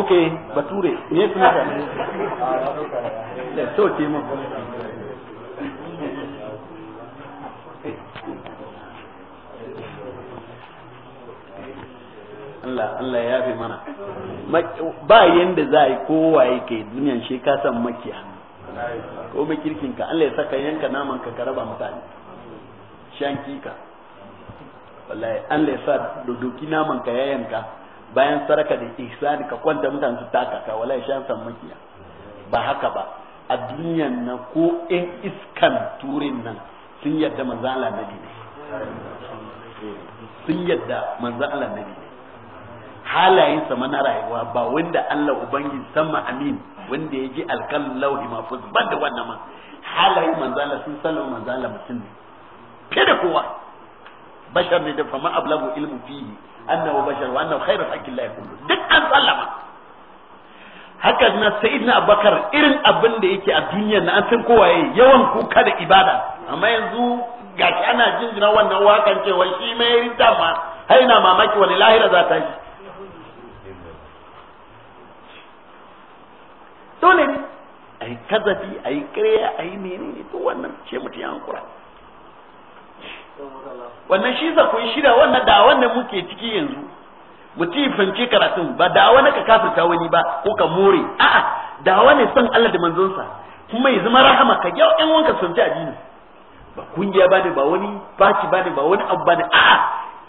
ok bature ne sunanta so ke mu Allah Allah ya fi mana ba yadda za a yi kowa ke duniyan shi ka san makiya ko makirkinka, Allah ya saka yanka naman ka ka raba mutane shanki ka wallahi Allah ya sa doki naman ka yayanka bayan saraka da ihsani ka kwanta mutane su taka ka wallahi shan san makiya ba haka ba a duniyan na ko in iskan turin nan sun yadda manzan Allah nabi ne sun yadda manzan Allah nabi ne halayen sa mana rayuwa ba wanda Allah ubangiji sama amin wanda ya ji alkal lauhi mafuz ba da wannan ma halayen manzan Allah sun sallama manzan Allah mutum ne kada kowa bashar ne da fama ablagu ilmu fihi annahu bashar wa annahu khairu hakkin la yakulu duk an sallama haka na sayyidina abubakar irin abin da yake a duniyar na an san kowa yawan kuka da ibada amma yanzu shi ana jinjina wannan wakan cewa shi mai rinta ma har ina mamaki wani lahira za ta shi dole ne a yi kazafi a yi kare a yi menene to wannan ce mutum ya hankura wannan shi za ku yi shida wannan da wannan muke ciki yanzu mutum fanci karatun ba da wani ka kafirta wani ba ko ka more a'a da wani son Allah da manzonsa kuma yanzu zama rahama ka yau ɗan wanka sun ci addini ba kungiya ba ne ba wani baci ba ne ba wani abu ba ne a'a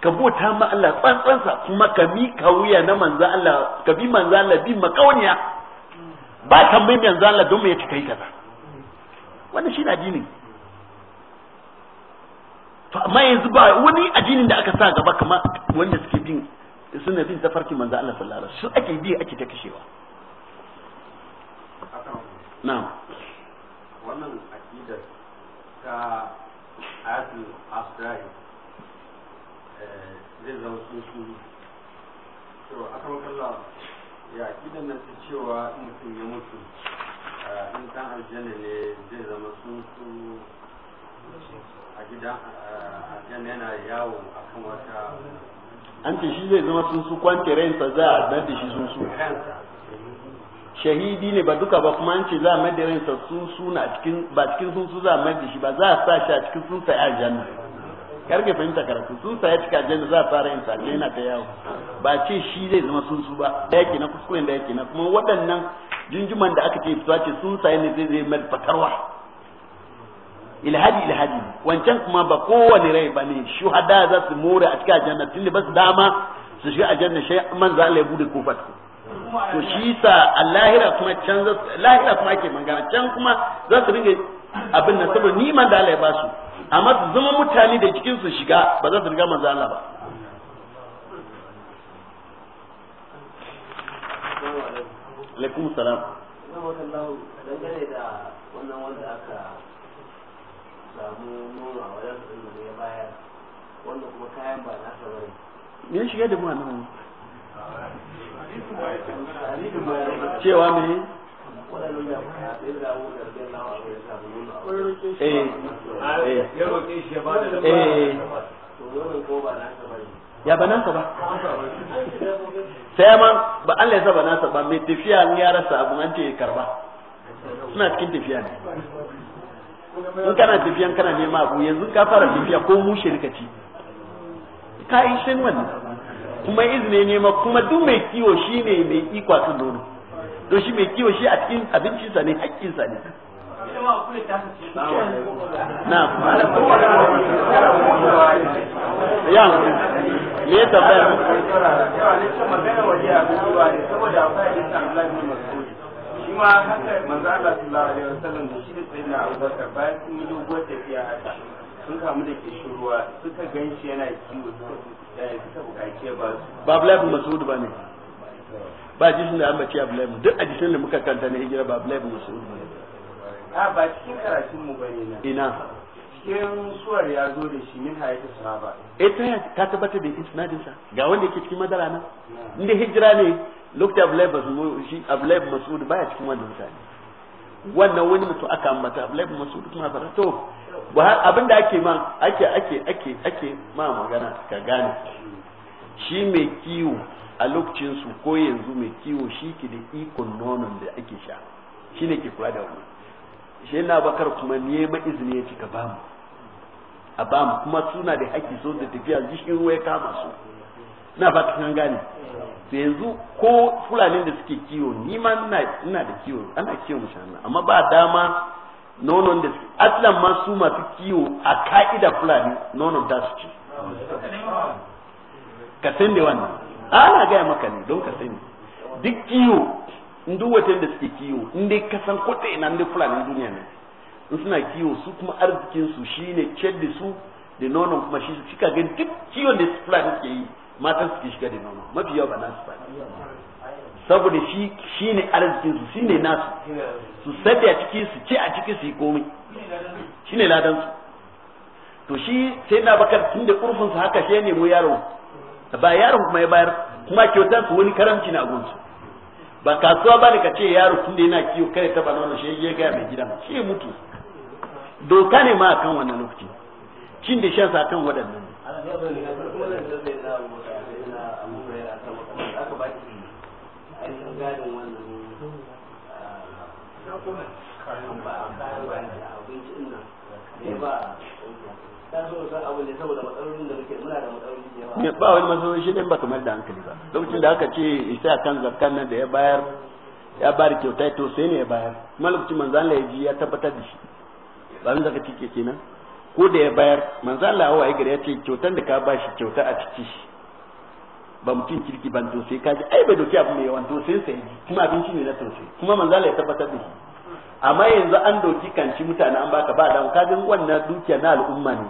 ka bota ma Allah tsantsansa kuma ka bi ka wuya na manzo Allah ka bi manzo Allah bi makauniya ba tambayi manzo Allah don me ya kai kaza wannan shi na addini to amma yanzu ba wani addinin da aka sa gaba kamar wanda suke bin suna bin tafarkin manzo Allah sallallahu alaihi wasallam su ake bi ake ta kashewa na'am wannan aqida ta azu asrai eh, zai zama sun su to akan kalla ya aqidan nan ta cewa in mutum ya mutu eh, in kan aljanna ne zai zama sun su a gidan aljanna yana yawo akan wata an ce shi zai zama sunsu kwance ransa za a mayar da shi sunsu shahidi ne ba duka ba kuma an ce za a mayar da ransa sunsu na cikin ba cikin sunsu za a mayar da shi ba za a sa shi a cikin sunsa ya aljanna karke fahimta karatu sunsa ya cika aljanna za a fara yin sa yana ta yawo ba ce shi zai zama sunsu ba da yake na kuskuren da yake na kuma waɗannan jinjiman da aka ce fitowa ce sunsa ne zai zai mai fatarwa ilhadi ilhadi wancan kuma ba kowane rai ba ne shuhada za su more a cikin aljanna tun da ba su dama su shiga aljanna shi man za Allah ya bude kofar su to shi sa lahira kuma can za lahira kuma ake magana can kuma za su ringa abin nan saboda ni man da Allah ya ba su amma su zama mutane da cikin su shiga ba za su riga manzo Allah ba alaikum salam dangane da wannan wanda aka samu wajen ya bayar wanda kuma kayan ba na me ya shiga da mu nan cewa me eh. Eh. ya ba eh. nan ba sai ma ba Allah ya saba ba mai tafiya ya rasa abun an ce karba suna cikin tafiya ne in kana tafiya kana nema abu yanzu ka fara tafiya ko mushe ka ci ka yi shin wannan kuma izini nema kuma duk mai kiwo ne mai iko kan nono to shi mai kiwo shi a cikin abincinsa ne haƙƙinsa ne na ya me ya tabbaya kuma haka manzo Allah sallallahu alaihi wasallam da shi da sayyidina Abubakar bayan sun yi doguwar tafiya a haka sun kamu da kishin ruwa suka ganshi yana kiwo eh, suka buƙaci ya ba su ba Abdullahi Mas'ud ba ne ba jisun da ambaci Abdullahi duk a jisun da muka kanta na hijira ba Abdullahi Mas'ud ba ne a ba cikin karatun mu bane na ina cikin suwar ya zo da shi min hayata sahaba ita eh, ta ta tabbata da isnadin sa ga wanda yake cikin madara nan inda hijira ne lokacin abulai masud shi masu masud baya cikin wannan mutane wannan wani mutum aka ambata masu masud kuma fara to abin da ake ma ake ake ake ake ma magana ka gane shi mai kiwo a lokacin su ko yanzu mai kiwo shi ke da ikon nonon da ake sha shi ne ke kula da wani shi na bakar kuma nema izini ya cika bamu a bamu kuma suna da haƙƙi so da tafiya jishin ruwa ya kama su na fata kan gane to yanzu ko fulanin da suke kiwo ni ma ina da kiwo ana kiwo mashallah amma ba dama nonon da suke atlan ma su masu kiwo a ka'ida fulani nonon da su ci ka san da wannan ana gaya maka ne don ka sani duk kiwo in duk wata da suke kiwo in dai ka san ko ina da fulani duniya ne in suna kiwo su kuma arzikin su shine ciyar da su da nonon kuma shi suka ga duk kiwon da fulani suke yi matan suke shiga da nono mafi yawa ba nasu ba saboda shi shine arzikin su shine nasu su sabi a ciki su ce a ciki su yi komai shine ladan su to shi sai na bakar tun da kurfin su haka shi ne mu yaro ba yaron kuma ya bayar kuma kyautar su wani karamci na gunsu ba kasuwa ba da ka ce yaro tun da yana kiyo kare taba nono shi ya gaya mai gidan shi ya mutu doka ne ma akan wannan lokaci cin da shan sa kan waɗannan gadon wannan ba wani matsaloli shi ne ba kamar da hankali ba lokacin da aka ce isa a kan zakkan nan da ya bayar ya bari kyauta to sai ne ya bayar kuma lokacin manzan Allah ya ji ya tabbatar da shi ba mun zaka cike kenan ko da ya bayar manzan Allah ya gari ya ce kyautan da ka ba shi kyauta a cikin shi ba mutum kirki ban tausayi. ka ji ai bai doki abu mai yawan tausayi sai kuma abinci ne na tausayi. kuma manzo Allah ya tabbatar da shi amma yanzu an doki kanci mutane an baka ba dan ka wannan dukiya na al'umma ne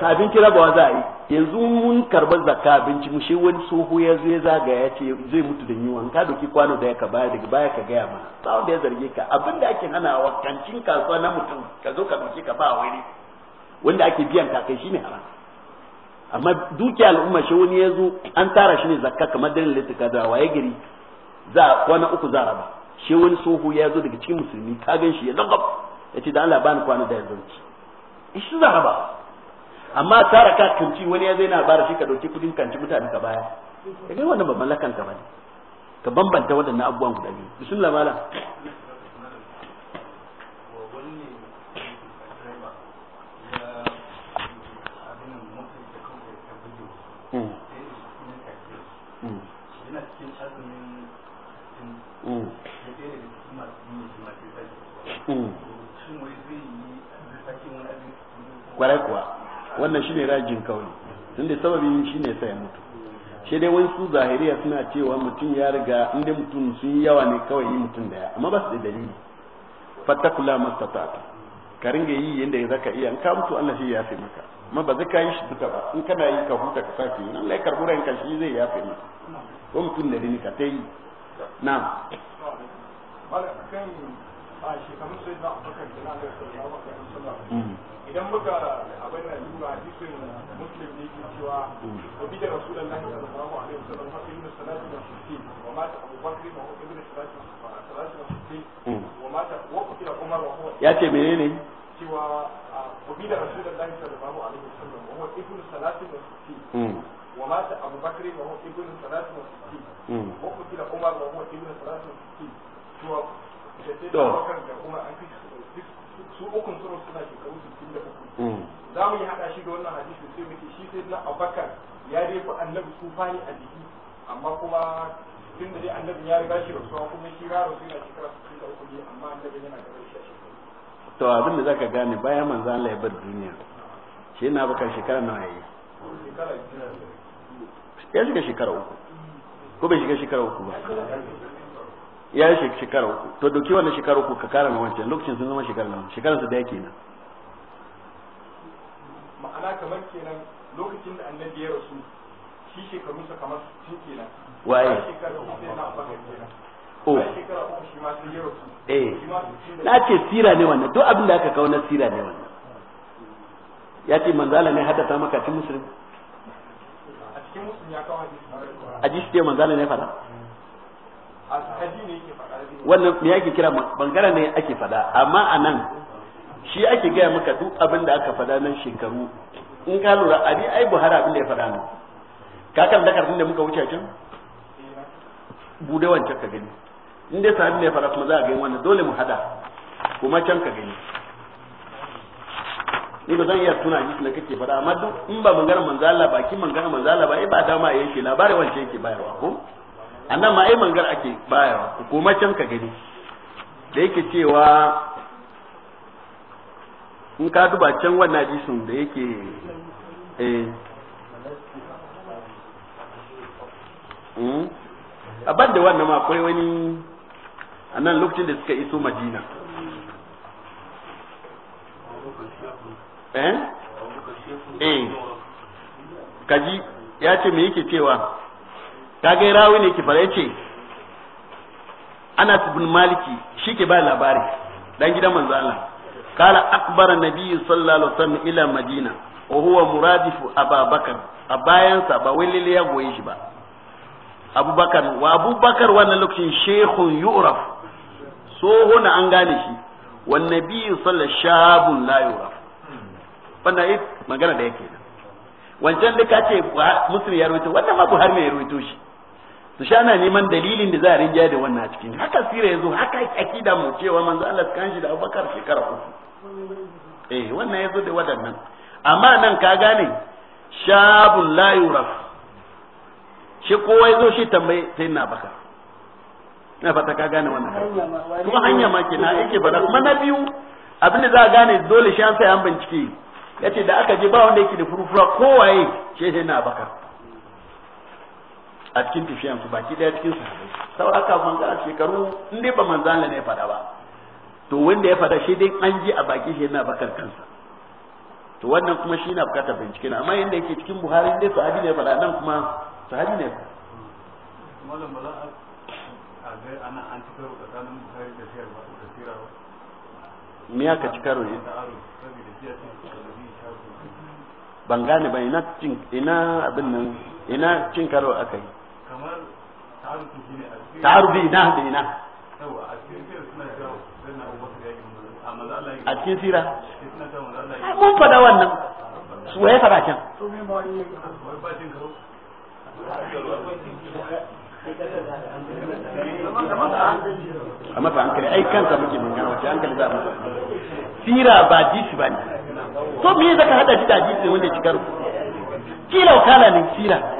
abinci rabawa za a yi yanzu mun karba zakka abinci mu shi wani soho ya zo ya zagaya ya ce zai mutu da yiwuwa ka doki kwano da ya ka baya daga baya ka gaya ma tsawon da ya zarge ka abin da ake hana wa kancin kasuwa na mutum ka zo ka doki ka ba wani wanda ake biyan ka kai shine haram amma dukiya al'umma shi wani ya zo an tara shi ne zakka kamar dalilin littika da waye gari za kwana uku za raba shi wani soho ya zo daga cikin musulmi ka gan shi ya lagab ya ce da Allah bani kwana da yanzu ci shi za raba amma tara ka kanci wani ya zai na bara shi ka dauki kudin kanci mutane ka baya da kai wannan babban lakan ka bane ka bambanta waɗannan abubuwan guda biyu bismillah malam kwarai kuwa wannan shine rajin kauli tunda sababin shine sai mutu shi dai wani su zahiriya suna cewa mutum ya riga inda mutum sun yawa ne kawai yi mutum daya amma ba su da dalili fattakula mastata'tu ka ringa yi yanda zaka iya in ka mutu Allah shi ya fi maka amma ba zaka yi shi duka ba in kana yi ka huta ka sake yi Allah ya karbu ka shi zai ya fi maka ko mutum da dini ka ta yi kan sai da na da sallallahu idan muka abin nan lura hadisin muslim ne ke cewa da sallallahu alaihi wa wa mata abu wa mata umar wa huwa menene cewa ah, wa bi da sallallahu wa huwa ibnu salatu mm. wa mata abu ibnu salatu wa wa wa huwa ibnu salatu mm. da kuma an su ukun suna suna shekaru 63 mm. za mu yi hada shi da wannan hadisi sai muke shi sai na abakar ya dai fi annabi tsufa ne a jiki amma kuma tun da dai annabi ya riga shi rasuwa kuma shi suna rasu yana shekara uku ne amma annabi yana da rashi a shekaru to abin da zaka gane bayan manzo Allah ya bar duniya shi na bakar shekara nawa yayi ya shiga shekara uku ko bai shiga shekara uku ba ya yi shekara uku to doki wannan shekara uku ka kara na wancan lokacin sun zama shekara na wancan shekara su daya kenan ma'ana kamar kenan lokacin da annabi ya rasu shi shekaru sa kamar sun kenan waye uku o oh. eh na ce sira ne wannan duk abin da aka kawo na sira ne wannan ya ce manzala ne haddata maka cikin musulmi a cikin musulmi ya kawo hadisi a jisi ce manzala ne fara. wannan me yake kira bangaren ne ake fada amma a nan shi ake gaya maka duk abin da aka fada nan shekaru in ka lura abi ai buhari abin da ya fada nan ka kan da karfin da muka wuce can bude wancan ka gani in dai sahabi ne fara kuma za a gani wannan dole mu hada kuma can ka gani ni ba zan iya tuna hadisi na kake fada amma duk in ba bangaren manzo Allah ki maganar manzo Allah ba ai ba dama yake labarin wancan yake bayarwa ko annan ma ai mangar ake bayarwa kuma can ka gani da yake cewa in ka duba can wannan hadisin da yake eh hmm? a ban da wannan ma akwai wani a nan lokacin da suka iso madina eh eh kaji ya ce me yake cewa Ka gai rawi ne ki fara yace Anas ibn Maliki shike ba labari dan gidan manzo Allah kala akbara nabiyyu sallallahu alaihi wasallam ila Madina wa huwa muradifu Abubakar a bayansa ba wai lalle ya goye shi ba Abubakar wa Abubakar wannan lokacin shehun yu'raf sohona an gane shi wan nabiyyu sallallahu shabun la yu'raf wannan magana da yake wancan da ka ce musulmi ya rubuta wannan ma Buhari ne ya rubuto shi to sha na neman dalilin da za a rinjaya da wannan a cikin haka sira yazo haka akida mu cewa manzo Allah kan shi da Abubakar shekara uku eh wannan yazo da wadannan amma nan ka gane shabun la yuraf shi kowa zo shi tambaye sai na Abubakar na fata ka gane wannan kuma hanya ma ke na yake fada kuma na biyu abinda za a gane dole shi an sai an bincike yace da aka je ba wanda yake da furfura kowaye shi sai na Abubakar a cikin tafiyan su baki daya cikin sahabbai saboda haka a shekaru in dai ba manzala ne ya fada ba to wanda ya fada shi dai an ji a baki shi yana bakar kansa to wannan kuma shi na bukatar bincike na amma yadda yake cikin buhari dai sahabi ne fada nan kuma sahabi ne malam bala a ga ana an ci karo tsakanin buhari da siyar ba da sira ba me aka ci karo ne ban gane ba ina cin ina abin nan ina cin karo aka yi kamar ta'arufi a ina da ina yawa sira suna abubakar ya yi a cikin mun wannan su waye can ai muke sira ba jisi ba ne to me zaka hada shi da jisi wanda ya ci karo kila wakala ne sira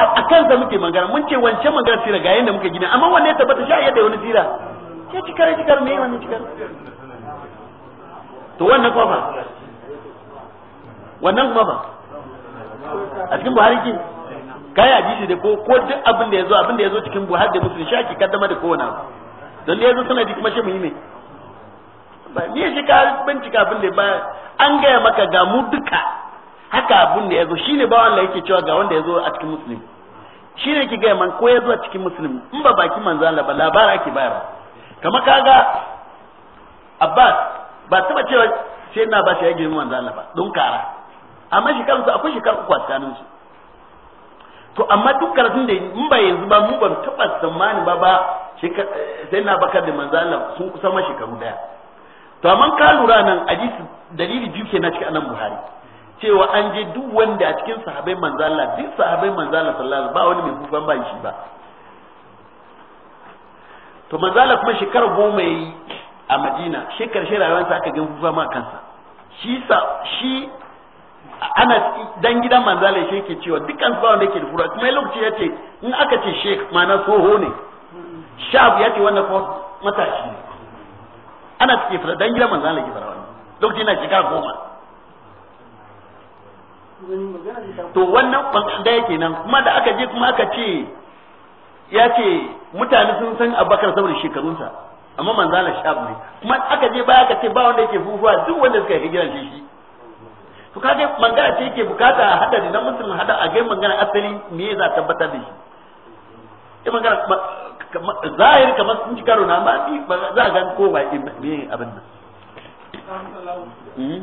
a kan sa muke magana mun ce wance magana sira ga yanda muka gina amma wanne ya tabbata sha yadda wani sira ke cikar cikar me wani cikar to wannan kofa wannan kuma ba a cikin buhari ki kai hadisi da ko ko duk abin da yazo abin da yazo cikin buhari da musulmi shaki kaddama da kowa abu don da yazo sanadi kuma shi muhimmi ba ni shi ka bincika abin da ba an gaya maka ga mu duka haka abun da ya zo shine ba wanda yake cewa ga wanda ya zo a cikin muslim shine ki gaya man ko ya zo a cikin muslim in ba baki manzo Allah ba labara ake bayarwa kamar kaga Abbas ba taba cewa sai na ba shi ya girma manzo Allah ba don kara amma shi kansu akwai shi uku a tsakanin su to amma duk karatun da in ba yanzu ba mu ban taba tsammani ba ba sai na bakar da manzo Allah sun kusa mashi karu daya to amma ka lura nan hadisi dalili biyu kenan cikin annabi Buhari cewa an je duk wanda a cikin sahabai manzo Allah duk sahabai manzo Allah sallallahu alaihi ba wani mai kufan ba shi ba to manzo Allah kuma shekara goma yi a Madina shi karshe rayuwarsa aka gan kufa ma kansa shi sa shi ana dan gidan manzo Allah shi yake cewa dukkan su ba wanda yake da fura kuma lokaci yace in aka ce sheikh ma'ana soho ne shab yace wannan ko matashi ana cike fara dan gidan manzo Allah fara wannan lokaci na shekara goma to wannan yake kenan kuma da aka je kuma aka ce ya ce mutane sun san Abakar saboda shekarunsa amma manzala shab ne kuma aka je baya aka ce ba wanda yake fufuwa duk wanda suka yi hijira shi to kaga magana ce yake bukata a hada da musulmi hada a ga magana asali me za a tabbatar da shi ita eh, magana zahiri kamar sun ci karo na ma bi za a gan ko ba me abin nan hmm?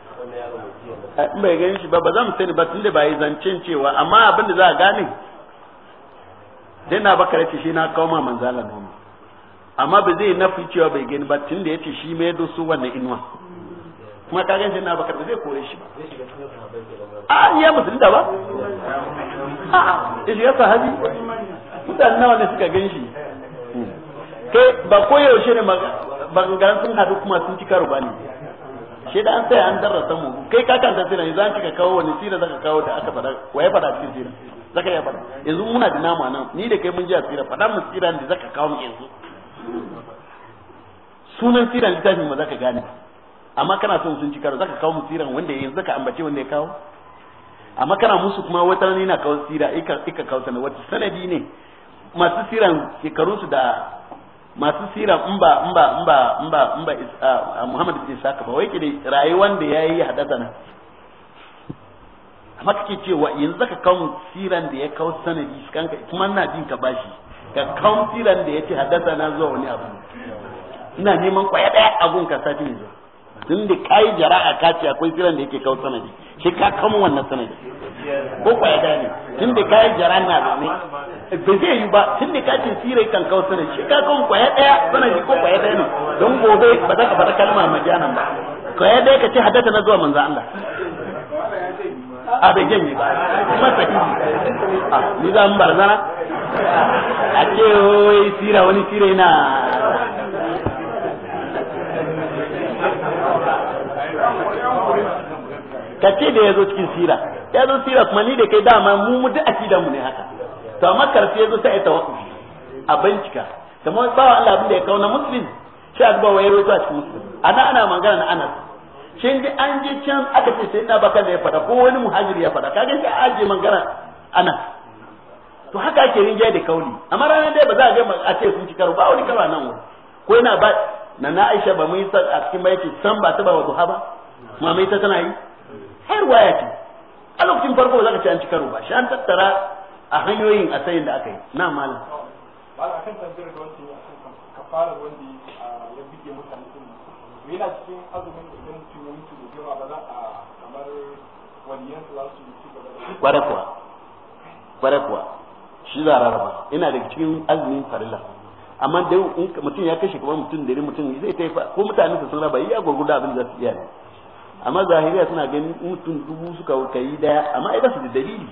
in bai gani shi ba ba za mu sani ba tunda ba yi zancen cewa amma abin da za a gane dai na bakar ce shi na kawo ma manzala nomi amma ba zai nafi cewa bai gani ba tun da ya ce shi mai dosu wannan inuwa kuma ka gani na baka ba zai kore shi ba a ya musulun da ba a ya shiga hazi mutane nawa ne suka gan shi kai ba koyaushe ne maganganun sun haɗu kuma sun ci karo ba ne shi da an tsaya an darasa mu kai ka kanta sira yanzu an cika kawo wani sira zaka kawo da aka fada waye fada cikin sira zaka ya fada yanzu muna da nama nan ni da kai mun ji sira fada mu sira da zaka kawo mu yanzu sunan sira littafin mu zaka gane amma kana son sun ci karo zaka kawo mu siran wanda yanzu zaka ambace wanda ya kawo amma kana musu kuma wata rana yana kawo sira ika ika kawo sanadi wata sanadi ne masu siran shekarunsu da masu sira in ba in ba in ba in ba in ba Muhammad bin Saka ba wai kide rayuwar da yayi na amma kake cewa yanzu ka kawo siran da ya kawo sanadi kanka kuma ina jin ka bashi ka kawo siran da hadasa na zuwa wani abu ina neman kwaya daya abun ka sati ne zuwa tun da kai jara'a ka ce akwai siran da yake kawo sanadi shi ka kama wannan sanadi ko kwa ya gane tun da kai jara'a na zaune ba zai yi ba tun da ka ce sirai kan kawo sanadi shi ka kama kwaya daya sanadi ko kwaya daya ne don gobe ba za ka faɗa kalmar majanan ba kwaya daya ka ce haddata na zuwa manzo Allah a bai janye ba kuma sahihi ni za mu barzana a ce oi sira wani sirai na ka ce da ya zo cikin sira ya zo sira kuma ni da kai dama mu mu duk akida mu ne haka to amma karfi ya zo sai ta tawakkufi a bincika ba bawa Allah abinda ya kauna muslim shi a duba ya a cikin muslim ana ana magana na anas shin dai an ji can aka ce sai na bakan da ya fada ko wani muhajir ya fada kage sai a aje magana anas to haka ake rinjaye da kauli amma ranar dai ba za a ga a ce sun ci karo ba wani karo nan wuri ko yana ba na na Aisha ba mu yi a cikin ba yake san ba ta ba wa duha ba mamai ta tana yi har waya ce a lokacin farko za ka ci an ci karo ba shi an tattara a hanyoyin a sayin da aka yi na malam ba a kan tambayar da wani ka fara wani wanda ah, ya bige mutane sun me yana cikin azumin idan mutum ya mutu da girma ba za a kamar waliyan su za su ci gaba da kware kuwa kware kuwa shi za a rarraba ina daga cikin azumin farilla amma dai mutum ya kashe kamar mutum dare mutum zai ta ko mutane su sun raba iya gurgurda abin da su iya ne amma zahiriya suna ganin mutum dubu suka wuka yi daya amma ai ba su da dalili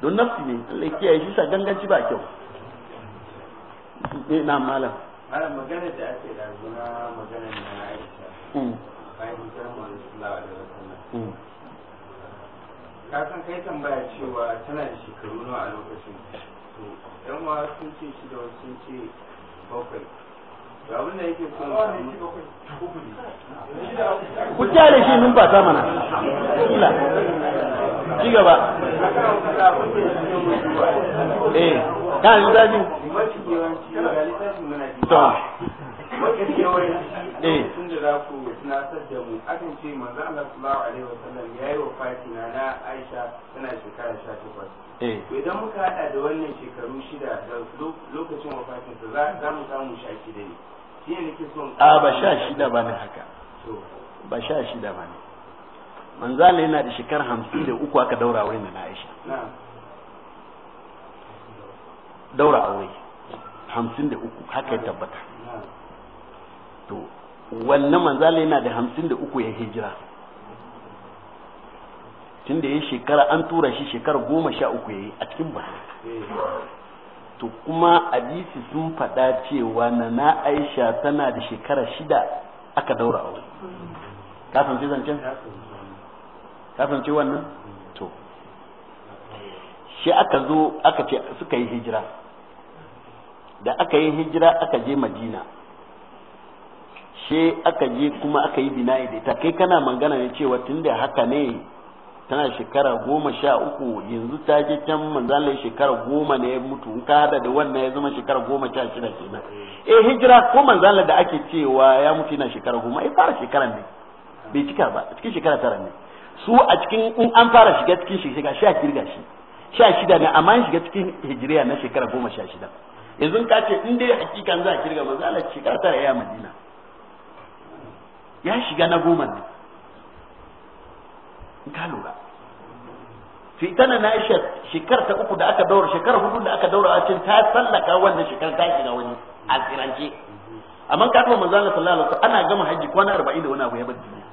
don nafsi ne Allah ya kiyaye shi sa ganganci ba kyau eh na malam malam magana da ake da zuna magana na Aisha bayan hmm. hijirar mun sallallahu da wasallam hmm. ka san kai tambaya cewa tana da shekaru nawa a lokacin to yan wa sun ce shi da wasu sun ce bakwai ku kyale shi numfa ta mana kila ci gaba eh kan da za da na Aisha muka hada da wannan shekaru lokacin za samu shaki da a ba sha shida ba ne haka ba sha shida ba ne manzala yana da shekar hamsin da uku aka daura aure na aisha daura aure hamsin da uku haka ya tabbata to wannan manzala yana da hamsin da uku ya hijira tun da ya shekara an tura shi shekara goma sha uku ya yi a cikin ba to kuma hadisi sun faɗa cewa na na aisha tana da shekara shida aka daura aure Ka zancen ce wannan to shi aka zo aka ce suka yi hijira da aka yi hijira aka je madina shi aka je kuma aka yi bina'i da ita kai kana magana ne cewa tunda haka ne tana shekara goma sha uku yanzu ta je can manzala shekara goma ne ya mutu in ka hada da wannan ya zama shekara goma sha shida kenan eh hijira ko manzala da ake cewa ya mutu yana shekara goma eh fara shekara ne bai cika ba cikin shekara tara ne su a cikin in an fara shiga cikin shekara sha kirga shi sha shida ne amma shiga cikin hijiriya na shekara goma sha shida yanzu ka ce in dai hakikan za a kirga manzala shekara tara ya madina ya shiga na goma ne ka lura fi ita na Aisha shekar ta uku da aka daura shekar hudu da aka daura a cikin ta sallaka wannan shekar ta shiga wani a tsirance amma ka kuma manzo Allah sallallahu alaihi wasallam ana gama haji kwana 40 da wani abu ya bar duniya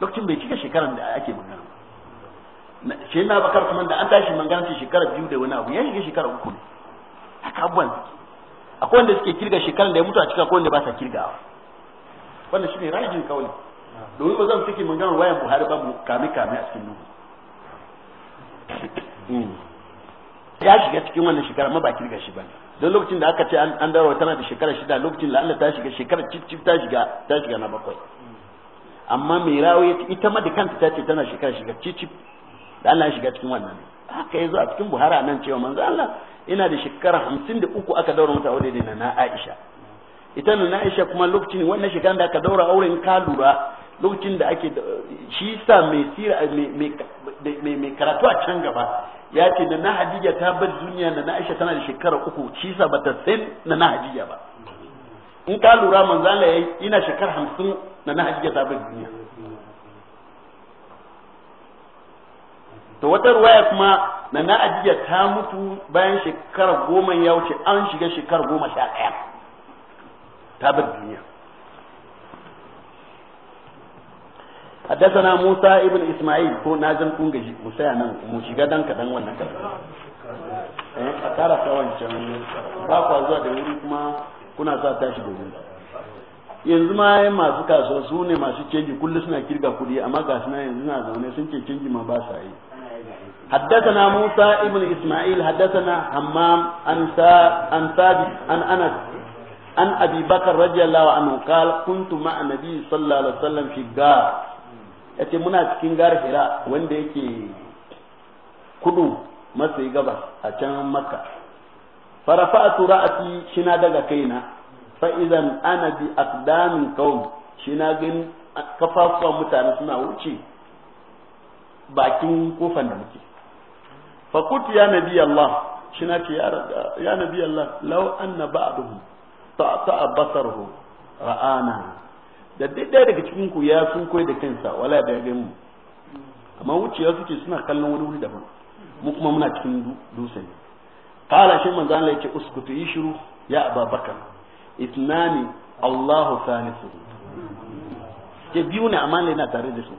lokacin bai cika shekaran da ake magana shi na bakar kuma da an tashi magana ce shekara biyu da wani abu ya shiga shekara uku ne haka abubuwan akwai wanda suke kirga shekaran da ya mutu a cikin akwai wanda ba sa kirgawa wannan shine rajin kawai domin ba zan mun gama wayan buhari ba kame kame a cikin nuhu hmm. ya shiga cikin wannan shekara ma ba kirga shi ba don lokacin da aka ce an dawo tana da shekara shida lokacin da Allah ta shiga shekara cif cif ta shiga ta shiga na bakwai amma mai rawo ita ma da kanta ta ce tana shekara shiga cif da Allah ya shiga cikin wannan haka yazo a cikin Buhari nan cewa manzo Allah ina da shekara 53 aka daura mata aure da na Aisha ita na Aisha kuma lokacin wannan shekara da aka daura auren ka lura lokacin da ake shi sa mai sira mai karatu a can gaba ya ce da na hadiya ta bar duniya da na aisha tana da shekara uku shi sa bata san na na hadiya ba in ka lura manzala yayi ina shekara hamsin na na hadiya ta bar duniya to wata ruwaya kuma na na hadiya ta mutu bayan shekara goma ya wuce an shiga shekara goma sha ɗaya ta bar duniya حدثنا موسى ابن اسماعيل هو نازل كون جي موسى انا مو كدان wannan kan eh a tara ta wancan ba kwa zuwa da wuri kuma kuna sa tashi da yanzu ma yayin masu kasuwa su ne masu canji kullum suna kirga kudi amma ga suna yanzu na zaune sun ce canji ma ba sa yi حدثنا موسى ابن اسماعيل حدثنا حمام عن ثابت عن انس عن ابي بكر رضي الله عنه قال كنت مع النبي صلى الله عليه yace muna cikin gar hira wanda yake kudu masu gabas a can makka farafa'atu ra'ati shi na daga kaina fa idan ana bi aqdamin qaum shi na kafafuwa mutane suna wuce bakin kofan da muke fa kutu ya nabi Allah shi na ce ya nabi Allah law anna ba'dhum ta'ta basaruhu ra'ana da duk ɗaya daga cikin ku ya sun koyi da kansa wala da ya mu amma wuciya suke suna kallon wani wuri daban mu kuma muna cikin dusa ne qala shi manzo Allah yake uskutu yi ya ababakar itnani Allahu thalithu ke biyu ne amma yana tare da su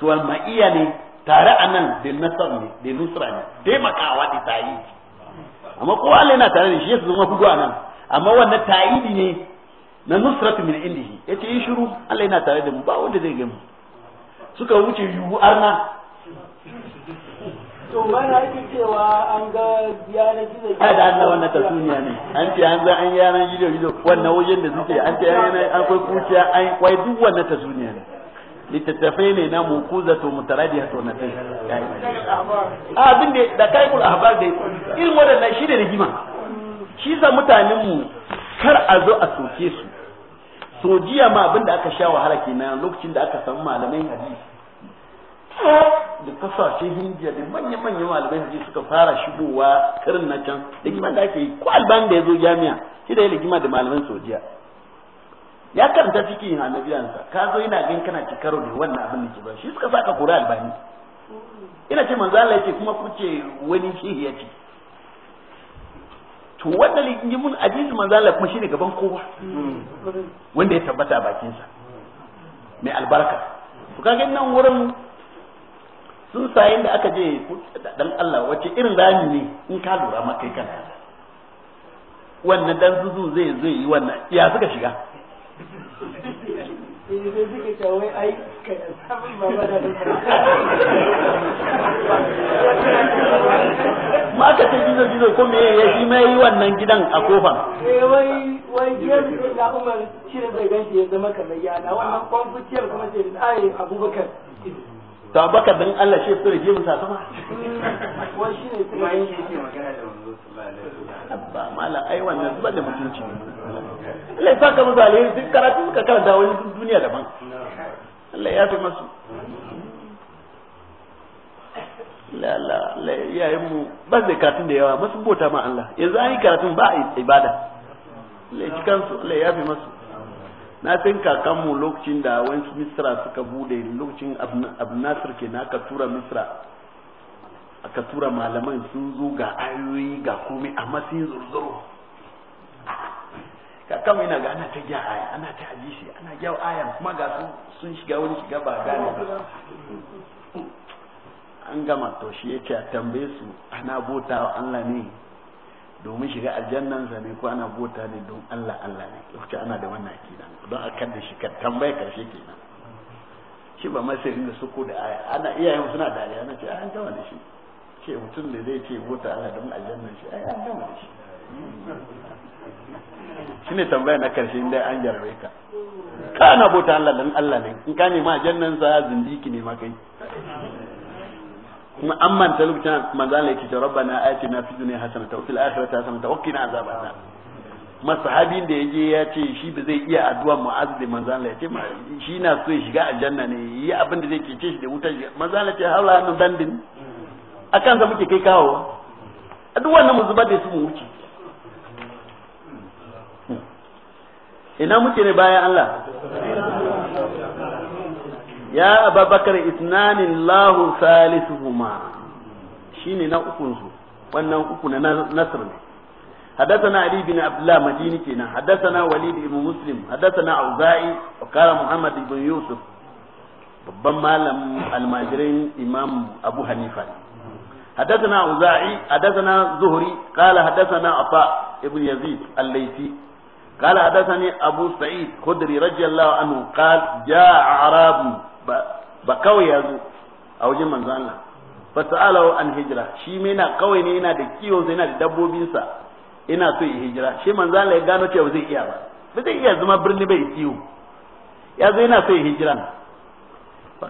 to amma iya ne tare anan da nasar ne da nusra ne taimakawa da tayi amma kowa Allah yana tare da shi yasa zama hudu anan amma wannan ta'idi ne na nusrat min indihi yace yi shiru Allah yana tare da mu ba wanda zai gamu suka wuce yuwu arna to mana yake cewa an ga yana gizo ya da Allah wannan tasuniya ne an ce an za an yana gizo gizo wannan wajen da suke an ce yana an kai kuciya an kai duk wannan tasuniya ne littattafai ne na mukuza to mutaradiya to na kai a abin da da kai kula habar da irin wadannan shi da rigima shi sa mutanen mu kar a zo a soke su Sojiya jiya ma abin da aka sha wahala ke nan lokacin da aka samu malamai hadisi da kasashe hindiya da manya-manyan malamai hadisi suka fara shigowa karin na can da da ake yi ko alban da ya zo jami'a shi da ya ligima da malaman sojiya ya karanta cikin annabiyansa ka zo yana gan kana ci karo da wannan abin da ke ba shi suka saka kura albani ina ce manzo Allah yake kuma kuce wani shehi ya ce to wannan mun la manzo Allah kuma shine gaban kowa wanda ya tabbata a bakinsa mai albarka to kaga nan wurin sun sayin da aka je dan Allah wace irin rami ne in ka lura ma kai kanka wannan dan zuzu zai zai yi wannan ya suka shiga ai ma aka ce gizo gizo ko me ya shi mai yi wannan gidan a kofan eh wai wai gidan da Umar shi da zai ganshi ya zama kamar yana wannan kwamfuciyar kuma ce da ai Abubakar to Abubakar dan Allah shi fure je musa sama hmm, wai shi ne kuma yake ce magana da manzo sallallahu alaihi wasallam ba mala ai wannan zuba da mutunci Allah ya saka musu alheri duk karatu suka karanta wani duniya daban hmm. Allah ya fi masu lala yayin mu ba da karatun da yawa masu bota ma Allah yanzu an yi karatun ba a ibada lai cikan su lai yafi masu na san kakan mu lokacin da wani misra suka bude lokacin abu nasir ke na aka tura misra aka tura malaman sun zo ga ayoyi ga komai a matsayin yi zurzuro kakan mu yana ga ana ta ja aya ana ta hadisi ana jawo aya kuma ga sun shiga wani shiga ba gane ba an gama to shi ya ce a tambaye su ana bota wa Allah ne domin shiga aljannan sa ne ko ana bota ne don Allah Allah ne lokaci ana da wannan akida don a kan da shi ka tambaye karshe kenan shi ba masirin da suko da aya ana iyayen suna dariya na ce an gama da shi ce mutum da zai ce bota Allah don aljannan shi ai an gama da shi shi ne tambaya na karshe inda an jarabe ka ana bota Allah don Allah ne in ka nema aljannan sa zindiki ne ma kai kuma an manta lokacin manzo Allah yake rabbana atina fi dunya hasanatan wa fil akhirati hasana ta qina azaba ta kuma sahabin da je ya ce shi ba zai iya addu'a mu'azz da manzo Allah ya shi na so ya shiga aljanna ne yi abin da zai ce shi da wuta manzo Allah ce haula nu dandin akan sa muke kai kawo addu'a na mu zubar da su mu wuce ina muke ne bayan Allah ya ababakar isnanin lahu salisuhuma shine na ukun su wannan uku na nasr ne حدثنا علي بن عبد الله مديني كنا حدثنا وليد بن مسلم حدثنا أوزاعي وقال محمد بن يوسف babban malam almajirin imam abu hanifa حدثنا أوزاعي حدثنا زهري قال حدثنا عطاء ابن يزيد الليثي قال حدثني أبو سعيد خدري رضي الله عنه قال جاء أعرابي ba kawai ya zo a wajen manzo Allah fasa'alahu an hijira shi me na kawai ne yana da kiwo yana da dabbobinsa ina so yi hijira shi manzo Allah ya gano cewa zai iya ba ba zai iya zama birni bai kiyo ya zo yana so yi hijiran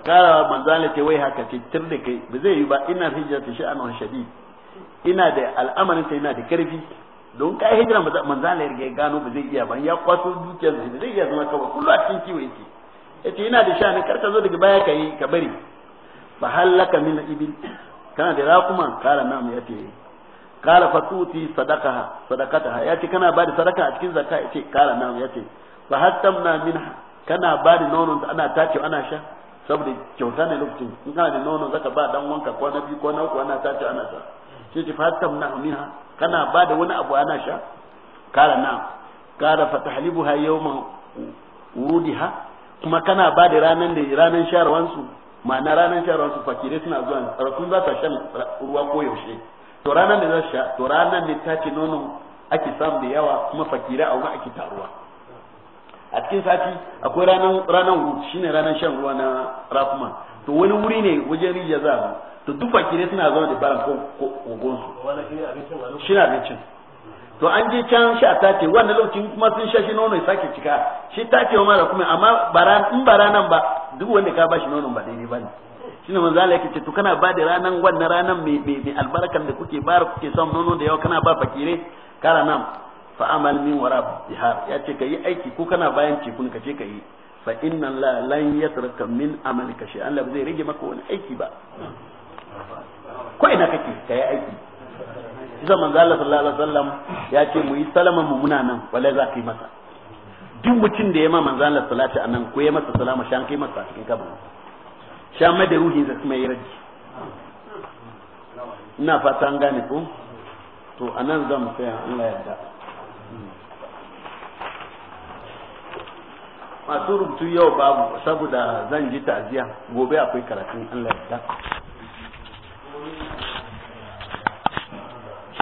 kara manzo Allah ce wai haka ce tir da kai ba zai yi ba ina hijira ta shi anan shadi ina da al'amarin sai ina da karfi don kai hijira manzo Allah ya gano ba zai iya ba ya kwaso dukiyar zai zai iya zama kawai kullu a cikin kiwo yake yace ina da shani kar ka zo daga baya ka yi ka bari fa halaka min ibil kana da rakuma kala nam yace kala fatuti sadaqaha sadaqataha yace kana ba da sadaka a cikin zakka yace kala nam yace fa hatamna minha kana ba da nono ana tace ana sha saboda kyauta ne lokacin in kana da nono zaka ba dan wanka ko na biyu ko na uku ana tace ana sha shi ce fa hatamna minha kana ba da wani abu ana sha kala nam kala tahlibuha yawma wudiha kuma kana ba da ranar da ranar sharawansu ma'ana ranar sharawansu fakire suna zuwa rasul za ta shan ruwa ko yaushe to ranar da za sha to ranar ne ta ce nono ake samu da yawa kuma fakire a wani ake taruwa a cikin sati akwai ranar ranar wut shine ranar shan ruwa na rafuma to wani wuri ne wajen rijiya za to duk fakire suna zuwa da baran ko kogonsu shi na abincin to an je can shi a tace wannan lokacin kuma sun sha shi nono ya sake cika shi tace wa mara kuma amma bara in bara nan ba duk wanda ka bashi nono ba daidai bane shine manzo Allah yake ce to kana ba da ranan wannan ranan mai mai albarkan da kuke bara kuke son nono da yawa kana ba fakire kara nan fa amal min wara bihar ya ce kai aiki ko kana bayan cikun ka je kai fa inna la lan yatraka min amalika shay Allah zai rage maka wani aiki ba ko ina kake kai aiki isa manzo Allah sallallahu alaihi wasallam ya ce mu yi salama mu muna nan wala za ka yi masa duk mutum da ya ma manzo Allah salati anan ko ya masa salama shan kai masa cikin kabar shan mai da ruhi da kuma ya raji ina fata an gane ko to anan zan tsaya Allah ya yarda masu rubutu yau babu saboda zan ji ta'aziya gobe akwai karatun Allah ya yarda